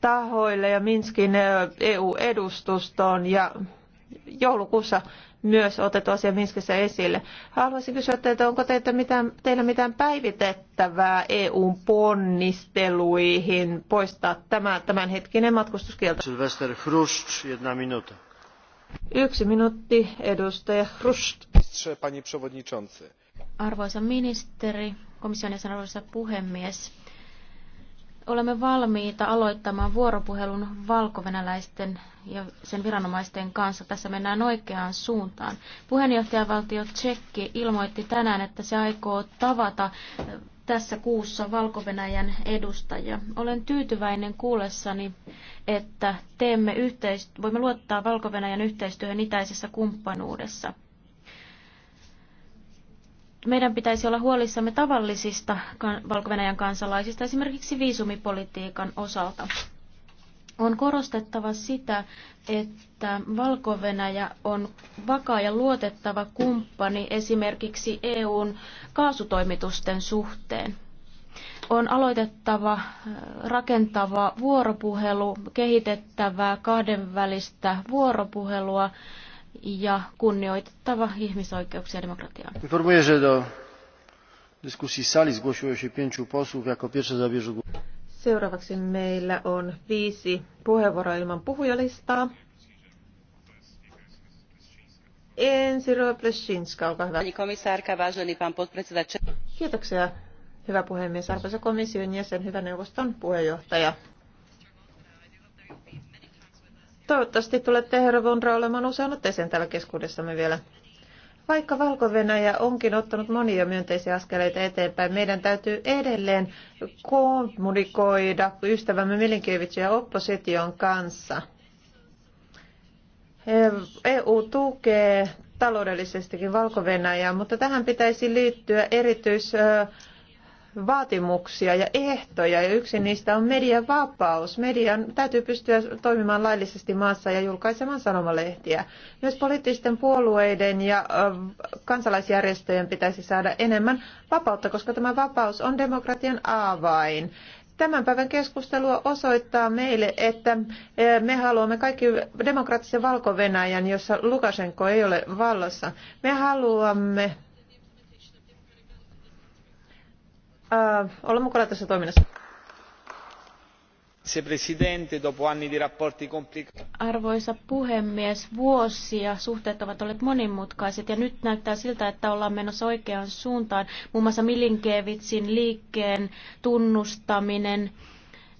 tahoille ja Minskin EU-edustustoon ja joulukuussa myös otettu asia Minskissä esille. Haluaisin kysyä teiltä, onko mitään, teillä mitään päivitettävää EUn ponnisteluihin poistaa tämä tämänhetkinen matkustuskielto? Sylvester Frust, jedna minuutta. Yksi minuutti, Pani przewodniczący. Arvoisa ministeri, komission jäsen, arvoisa puhemies. Olemme valmiita aloittamaan vuoropuhelun valkovenäläisten ja sen viranomaisten kanssa. Tässä mennään oikeaan suuntaan. Puheenjohtajavaltio Tsekki ilmoitti tänään, että se aikoo tavata tässä kuussa valko edustaja. Olen tyytyväinen kuullessani, että teemme yhteist- voimme luottaa valko yhteistyöhön itäisessä kumppanuudessa. Meidän pitäisi olla huolissamme tavallisista valko kansalaisista, esimerkiksi viisumipolitiikan osalta. On korostettava sitä, että valko on vakaa ja luotettava kumppani esimerkiksi EUn kaasutoimitusten suhteen. On aloitettava äh, rakentava vuoropuhelu, kehitettävää kahdenvälistä vuoropuhelua ja kunnioitettava ihmisoikeuksia ja demokratiaa. do sali zgłosiło się pięciu posłów. Jako zabierze głos. Seuraavaksi meillä on viisi puheenvuoroa ilman puhujalistaa. Ensi Plesinska, olkaa hyvä. Kiitoksia, hyvä puhemies, arvoisa komission jäsen, hyvä neuvoston puheenjohtaja. Toivottavasti tulette herra Vondra olemaan usein otteeseen täällä keskuudessamme vielä. Vaikka valko onkin ottanut monia myönteisiä askeleita eteenpäin, meidän täytyy edelleen kommunikoida ystävämme Milinkevitsin ja opposition kanssa. E- EU tukee taloudellisestikin valko mutta tähän pitäisi liittyä erityis vaatimuksia ja ehtoja, ja yksi niistä on median vapaus. Median täytyy pystyä toimimaan laillisesti maassa ja julkaisemaan sanomalehtiä. Myös poliittisten puolueiden ja kansalaisjärjestöjen pitäisi saada enemmän vapautta, koska tämä vapaus on demokratian avain. Tämän päivän keskustelua osoittaa meille, että me haluamme kaikki demokraattisen valko jossa Lukashenko ei ole vallassa. Me haluamme Äh, Arvoisa puhemies, vuosia suhteet ovat olleet monimutkaiset ja nyt näyttää siltä, että ollaan menossa oikeaan suuntaan. Muun muassa milinkevitin liikkeen tunnustaminen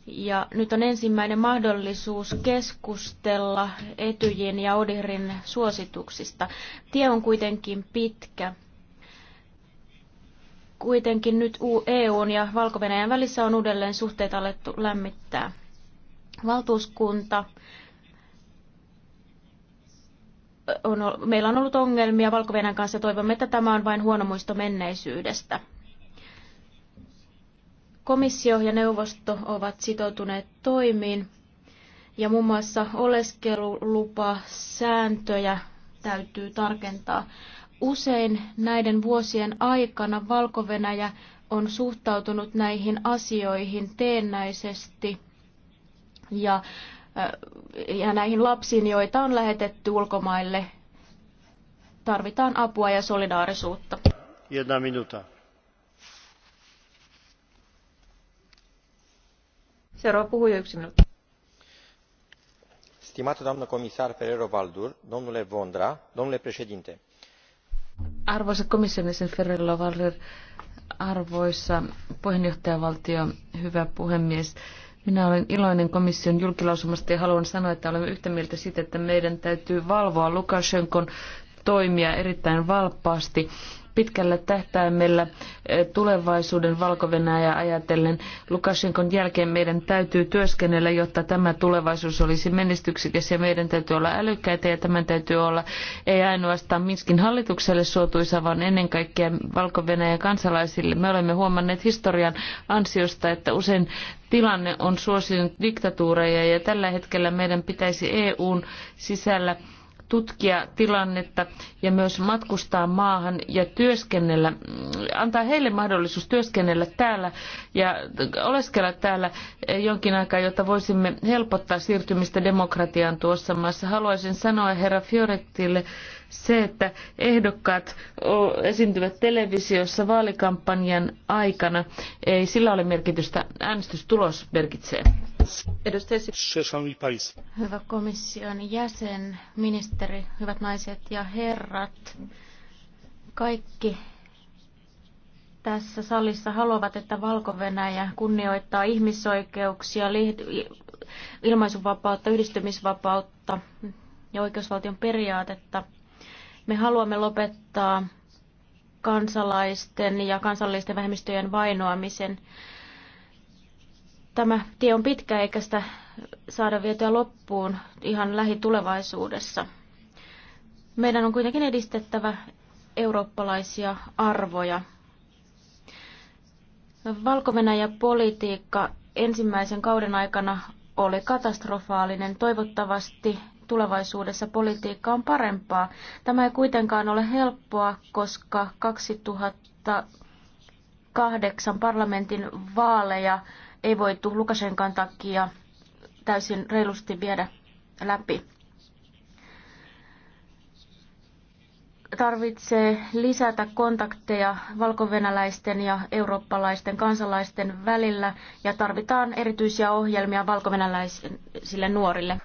ja nyt on ensimmäinen mahdollisuus keskustella Etyjin ja odihrin suosituksista. Tie on kuitenkin pitkä. Kuitenkin nyt EUn ja valko välissä on uudelleen suhteet alettu lämmittää. Valtuuskunta on, meillä on ollut ongelmia valko kanssa ja toivomme, että tämä on vain huono muisto menneisyydestä. Komissio ja neuvosto ovat sitoutuneet toimiin ja muun muassa oleskelulupa sääntöjä täytyy tarkentaa. Usein näiden vuosien aikana valko on suhtautunut näihin asioihin teennäisesti ja, äh, ja näihin lapsiin, joita on lähetetty ulkomaille, tarvitaan apua ja solidaarisuutta. Jedna minuta. Seuraava puhuja yksi minuutti. Stimată doamnă comisar Ferrero Valdur, domnule Vondra, domnule președinte, Arvoisa komission jäsen Ferrello Valler, arvoisa puheenjohtajavaltio, hyvä puhemies. Minä olen iloinen komission julkilausumasta ja haluan sanoa, että olemme yhtä mieltä siitä, että meidän täytyy valvoa Lukashenkon toimia erittäin valppaasti pitkällä tähtäimellä eh, tulevaisuuden valko ajatellen Lukashenkon jälkeen meidän täytyy työskennellä, jotta tämä tulevaisuus olisi menestyksikäs ja meidän täytyy olla älykkäitä ja tämän täytyy olla ei ainoastaan Minskin hallitukselle suotuisa, vaan ennen kaikkea valko kansalaisille. Me olemme huomanneet historian ansiosta, että usein tilanne on suosinut diktatuureja ja tällä hetkellä meidän pitäisi EUn sisällä tutkia tilannetta ja myös matkustaa maahan ja työskennellä, antaa heille mahdollisuus työskennellä täällä ja oleskella täällä jonkin aikaa, jotta voisimme helpottaa siirtymistä demokratiaan tuossa maassa. Haluaisin sanoa herra Fiorettille, se, että ehdokkaat esiintyvät televisiossa vaalikampanjan aikana, ei sillä ole merkitystä. Äänestystulos merkitsee. Edustaja Hyvä komission jäsen, ministeri, hyvät naiset ja herrat. Kaikki tässä salissa haluavat, että Valko-Venäjä kunnioittaa ihmisoikeuksia, ilmaisuvapautta, yhdistymisvapautta ja oikeusvaltion periaatetta – me haluamme lopettaa kansalaisten ja kansallisten vähemmistöjen vainoamisen. Tämä tie on pitkä eikä sitä saada vietyä loppuun ihan lähitulevaisuudessa. Meidän on kuitenkin edistettävä eurooppalaisia arvoja. valko politiikka ensimmäisen kauden aikana oli katastrofaalinen. Toivottavasti tulevaisuudessa politiikka on parempaa. Tämä ei kuitenkaan ole helppoa, koska 2008 parlamentin vaaleja ei voitu Lukashenkan takia täysin reilusti viedä läpi. Tarvitsee lisätä kontakteja valkovenäläisten ja eurooppalaisten kansalaisten välillä ja tarvitaan erityisiä ohjelmia valkovenäläisille nuorille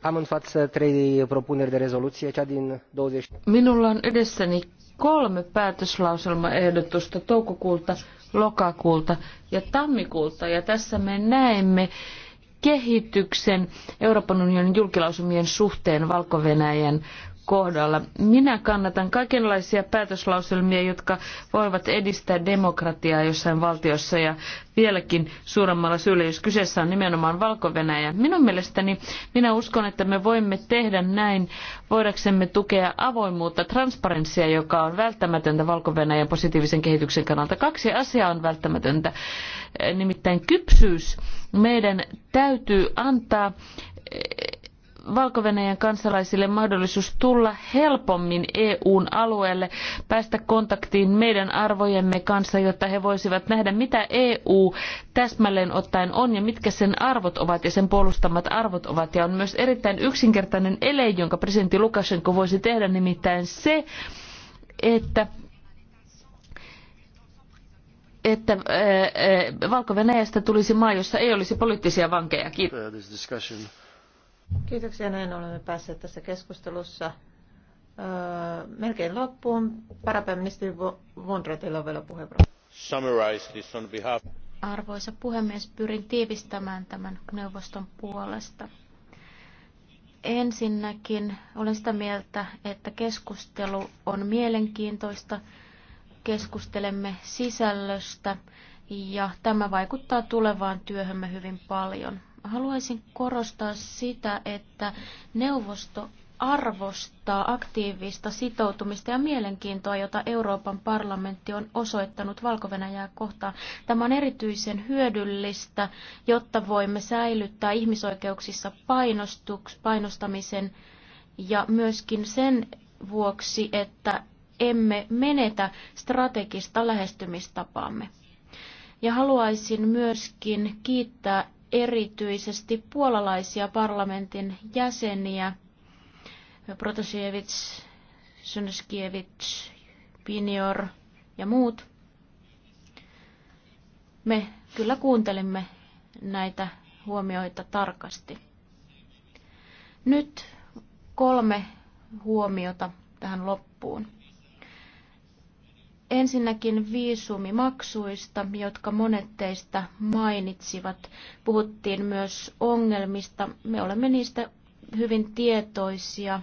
am în față trei propuneri de rezoluție, cea din 20... Minulla on edessäni kolme päätöslauselmaehdotusta toukokuulta, lokakuulta ja tammikuulta. Ja tässä me näemme kehityksen Euroopan unionin julkilausumien suhteen valko kohdalla. Minä kannatan kaikenlaisia päätöslauselmia, jotka voivat edistää demokratiaa jossain valtiossa ja vieläkin suuremmalla syyllä, jos kyseessä on nimenomaan valko -Venäjä. Minun mielestäni minä uskon, että me voimme tehdä näin voidaksemme tukea avoimuutta, transparenssia, joka on välttämätöntä valko positiivisen kehityksen kannalta. Kaksi asiaa on välttämätöntä, nimittäin kypsyys. Meidän täytyy antaa valko kansalaisille mahdollisuus tulla helpommin EUn alueelle, päästä kontaktiin meidän arvojemme kanssa, jotta he voisivat nähdä, mitä EU täsmälleen ottaen on ja mitkä sen arvot ovat ja sen puolustamat arvot ovat. Ja on myös erittäin yksinkertainen ele, jonka presidentti Lukashenko voisi tehdä, nimittäin se, että että äh, äh, valko tulisi maa, jossa ei olisi poliittisia vankeja. Kiitos. Kiitoksia. Näin olemme päässeet tässä keskustelussa öö, melkein loppuun. Parapääministeri Vondra, teillä on vielä puheenvuoro. Arvoisa puhemies, pyrin tiivistämään tämän neuvoston puolesta. Ensinnäkin olen sitä mieltä, että keskustelu on mielenkiintoista. Keskustelemme sisällöstä ja tämä vaikuttaa tulevaan työhömme hyvin paljon. Haluaisin korostaa sitä, että neuvosto arvostaa aktiivista sitoutumista ja mielenkiintoa, jota Euroopan parlamentti on osoittanut valko kohtaan. Tämä on erityisen hyödyllistä, jotta voimme säilyttää ihmisoikeuksissa painostamisen ja myöskin sen vuoksi, että emme menetä strategista lähestymistapaamme. Ja haluaisin myöskin kiittää erityisesti puolalaisia parlamentin jäseniä, Protasiewicz, Sönskiewicz, Pinior ja muut. Me kyllä kuuntelimme näitä huomioita tarkasti. Nyt kolme huomiota tähän loppuun. Ensinnäkin viisumimaksuista, jotka monet teistä mainitsivat. Puhuttiin myös ongelmista. Me olemme niistä hyvin tietoisia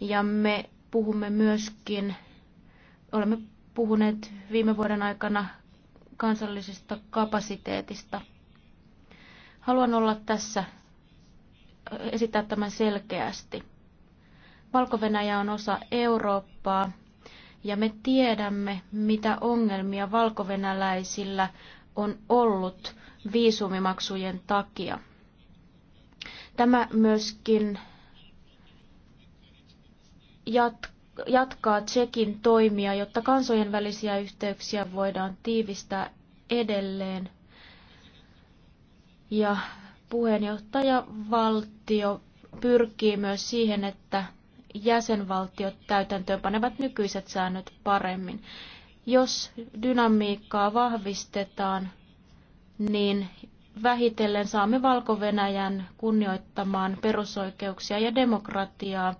ja me puhumme myöskin, olemme puhuneet viime vuoden aikana kansallisesta kapasiteetista. Haluan olla tässä, esittää tämän selkeästi. valko on osa Eurooppaa ja me tiedämme, mitä ongelmia valkovenäläisillä on ollut viisumimaksujen takia. Tämä myöskin jatkaa Tsekin toimia, jotta kansojen välisiä yhteyksiä voidaan tiivistää edelleen. Ja puheenjohtaja valtio pyrkii myös siihen, että jäsenvaltiot panevat nykyiset säännöt paremmin. Jos dynamiikkaa vahvistetaan, niin vähitellen saamme valko kunnioittamaan perusoikeuksia ja demokratiaa,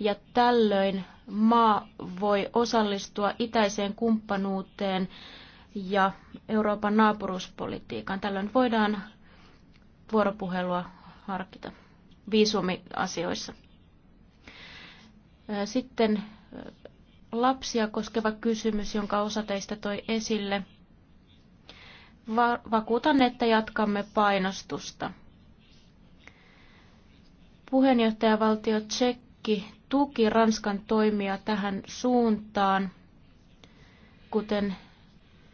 ja tällöin maa voi osallistua itäiseen kumppanuuteen ja Euroopan naapuruspolitiikan. Tällöin voidaan vuoropuhelua harkita viisumiasioissa. Sitten lapsia koskeva kysymys, jonka osa teistä toi esille. Va- vakuutan, että jatkamme painostusta. Puheenjohtajavaltio Tsekki tuki Ranskan toimia tähän suuntaan, kuten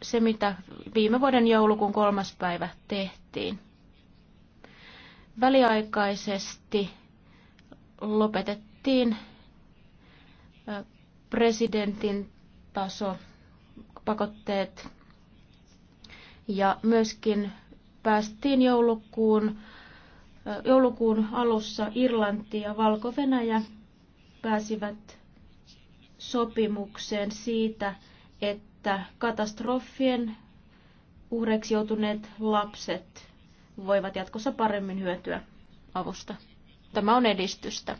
se, mitä viime vuoden joulukuun kolmas päivä tehtiin. Väliaikaisesti lopetettiin presidentin taso, pakotteet ja myöskin päästiin joulukuun, joulukuun alussa Irlanti ja Valko-Venäjä pääsivät sopimukseen siitä, että katastrofien uhreiksi joutuneet lapset voivat jatkossa paremmin hyötyä avusta. Tämä on edistystä.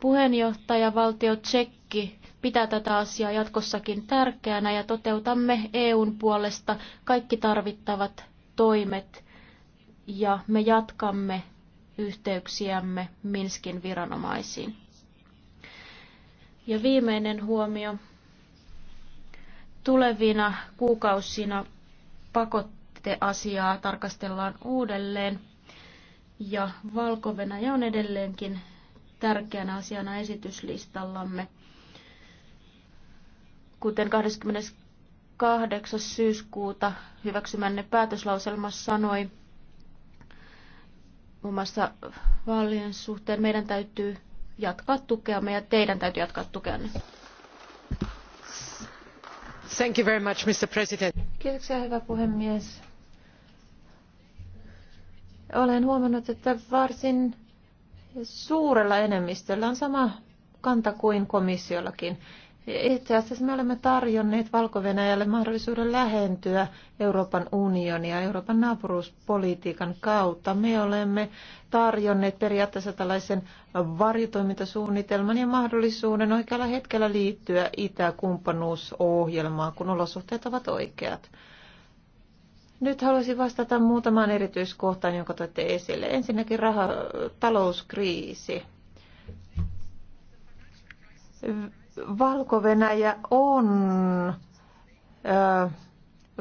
Puheenjohtaja valtio Tsek kaikki pitää tätä asiaa jatkossakin tärkeänä ja toteutamme EUn puolesta kaikki tarvittavat toimet ja me jatkamme yhteyksiämme Minskin viranomaisiin. Ja viimeinen huomio. Tulevina kuukausina pakotteasiaa tarkastellaan uudelleen ja valko on edelleenkin tärkeänä asiana esityslistallamme. Kuten 28. syyskuuta hyväksymänne päätöslauselma sanoi, muun muassa vaalien suhteen meidän täytyy jatkaa tukea ja teidän täytyy jatkaa tukea. Thank you very much, Mr. President. Kiitoksia, hyvä puhemies. Olen huomannut, että varsin suurella enemmistöllä on sama kanta kuin komissiollakin. Itse asiassa me olemme tarjonneet valko mahdollisuuden lähentyä Euroopan unionia Euroopan naapuruuspolitiikan kautta. Me olemme tarjonneet periaatteessa tällaisen varjotoimintasuunnitelman ja mahdollisuuden oikealla hetkellä liittyä kumppanuusohjelmaan kun olosuhteet ovat oikeat. Nyt haluaisin vastata muutamaan erityiskohtaan, jonka toitte esille. Ensinnäkin rahatalouskriisi. talouskriisi Valko-Venäjä on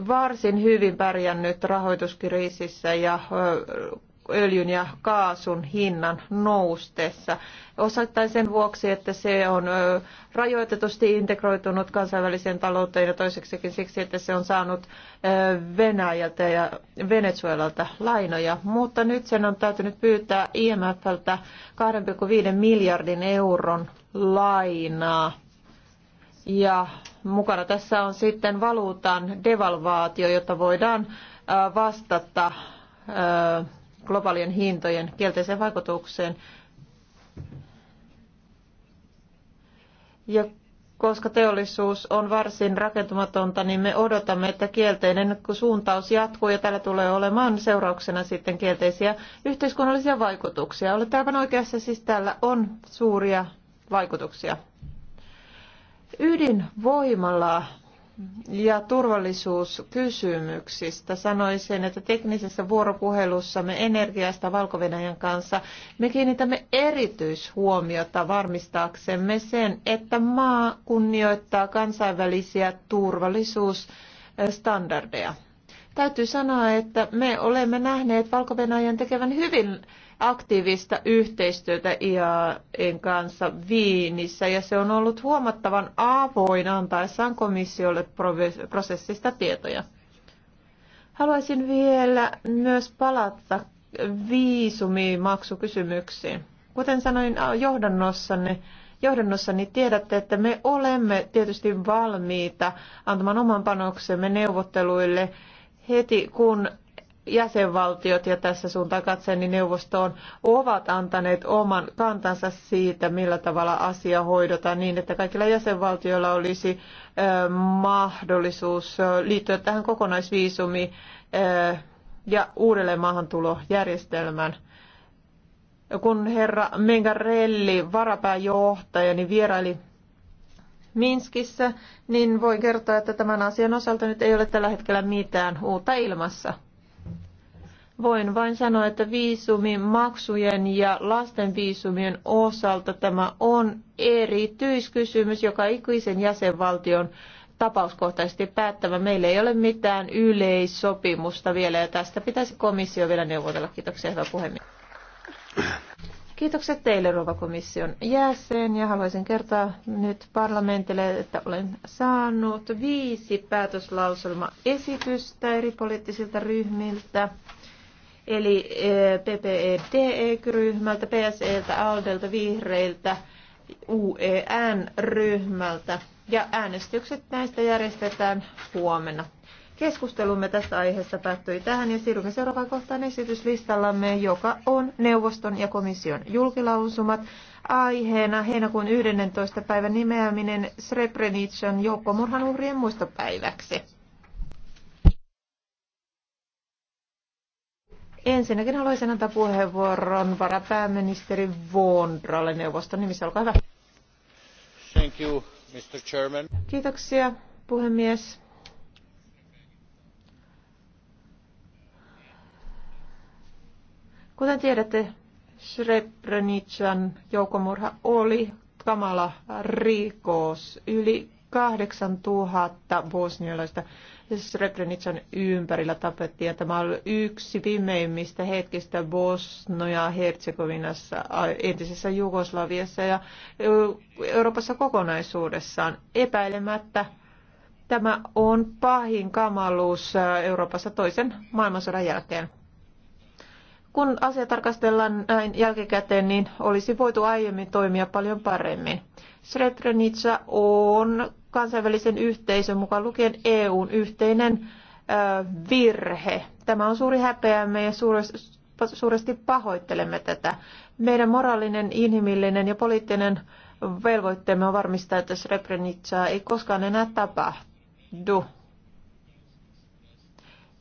varsin hyvin pärjännyt rahoituskriisissä ja öljyn ja kaasun hinnan noustessa. Osittain sen vuoksi, että se on rajoitetusti integroitunut kansainväliseen talouteen ja toiseksikin siksi, että se on saanut Venäjältä ja Venezuelalta lainoja. Mutta nyt sen on täytynyt pyytää IMFltä 2,5 miljardin euron lainaa ja mukana tässä on sitten valuutan devalvaatio, jotta voidaan vastata globaalien hintojen kielteiseen vaikutukseen. Ja koska teollisuus on varsin rakentumatonta, niin me odotamme, että kielteinen suuntaus jatkuu ja tällä tulee olemaan seurauksena sitten kielteisiä yhteiskunnallisia vaikutuksia. Olette aivan oikeassa, siis tällä on suuria vaikutuksia ydinvoimalla ja turvallisuuskysymyksistä sanoisin, että teknisessä vuoropuhelussamme energiasta valko kanssa me kiinnitämme erityishuomiota varmistaaksemme sen, että maa kunnioittaa kansainvälisiä turvallisuusstandardeja. Täytyy sanoa, että me olemme nähneet valko tekevän hyvin aktiivista yhteistyötä IAEn kanssa Viinissä ja se on ollut huomattavan avoin antaessaan komissiolle prosessista tietoja. Haluaisin vielä myös palata viisumimaksukysymyksiin. Kuten sanoin johdannossanne, johdannossani tiedätte, että me olemme tietysti valmiita antamaan oman panoksemme neuvotteluille heti, kun jäsenvaltiot ja tässä suuntaan katseeni neuvosto neuvostoon ovat antaneet oman kantansa siitä, millä tavalla asia hoidotaan niin, että kaikilla jäsenvaltioilla olisi mahdollisuus liittyä tähän kokonaisviisumi ja uudelleen maahantulojärjestelmän. Kun herra Mengarelli, varapääjohtaja, niin vieraili Minskissä, niin voin kertoa, että tämän asian osalta nyt ei ole tällä hetkellä mitään uutta ilmassa. Voin vain sanoa, että viisumin maksujen ja lasten viisumien osalta tämä on erityiskysymys, joka ikuisen jäsenvaltion tapauskohtaisesti päättävä. Meillä ei ole mitään yleissopimusta vielä ja tästä pitäisi komissio vielä neuvotella. Kiitoksia, hyvä puhemies. Kiitokset teille, Rova komission jäsen, ja haluaisin kertoa nyt parlamentille, että olen saanut viisi päätöslauselmaesitystä eri poliittisilta ryhmiltä eli te e e ryhmältä PSEltä, ALDElta, Vihreiltä, UEN-ryhmältä. Ja äänestykset näistä järjestetään huomenna. Keskustelumme tästä aiheesta päättyi tähän ja siirrymme seuraavaan kohtaan esityslistallamme, joka on neuvoston ja komission julkilausumat. Aiheena heinäkuun 11. päivän nimeäminen Srebrenican joukkomurhan uhrien muistopäiväksi. Ensinnäkin haluaisin antaa puheenvuoron varapääministeri Vondralle neuvoston nimissä. Olkaa hyvä. Thank you, Mr. Chairman. Kiitoksia, puhemies. Kuten tiedätte, Srebrenican joukomurha oli kamala rikos. Yli 8000 bosnialaista Srebrenitsan ympärillä tapettiin. Ja tämä oli yksi pimeimmistä hetkistä Bosnoja Herzegovinassa, entisessä Jugoslaviassa ja Euroopassa kokonaisuudessaan. Epäilemättä tämä on pahin kamaluus Euroopassa toisen maailmansodan jälkeen kun asia tarkastellaan näin jälkikäteen, niin olisi voitu aiemmin toimia paljon paremmin. Srebrenica on kansainvälisen yhteisön mukaan lukien EUn yhteinen virhe. Tämä on suuri häpeämme ja suuresti pahoittelemme tätä. Meidän moraalinen, inhimillinen ja poliittinen velvoitteemme on varmistaa, että Srebrenicaa ei koskaan enää tapahdu.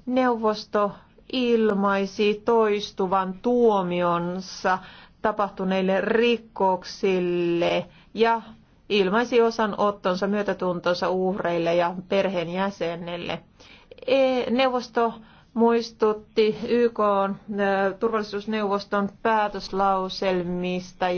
Neuvosto ilmaisi toistuvan tuomionsa tapahtuneille rikoksille ja ilmaisi ottonsa myötätuntonsa uhreille ja perheenjäsenelle. E, neuvosto muistutti YK turvallisuusneuvoston päätöslauselmista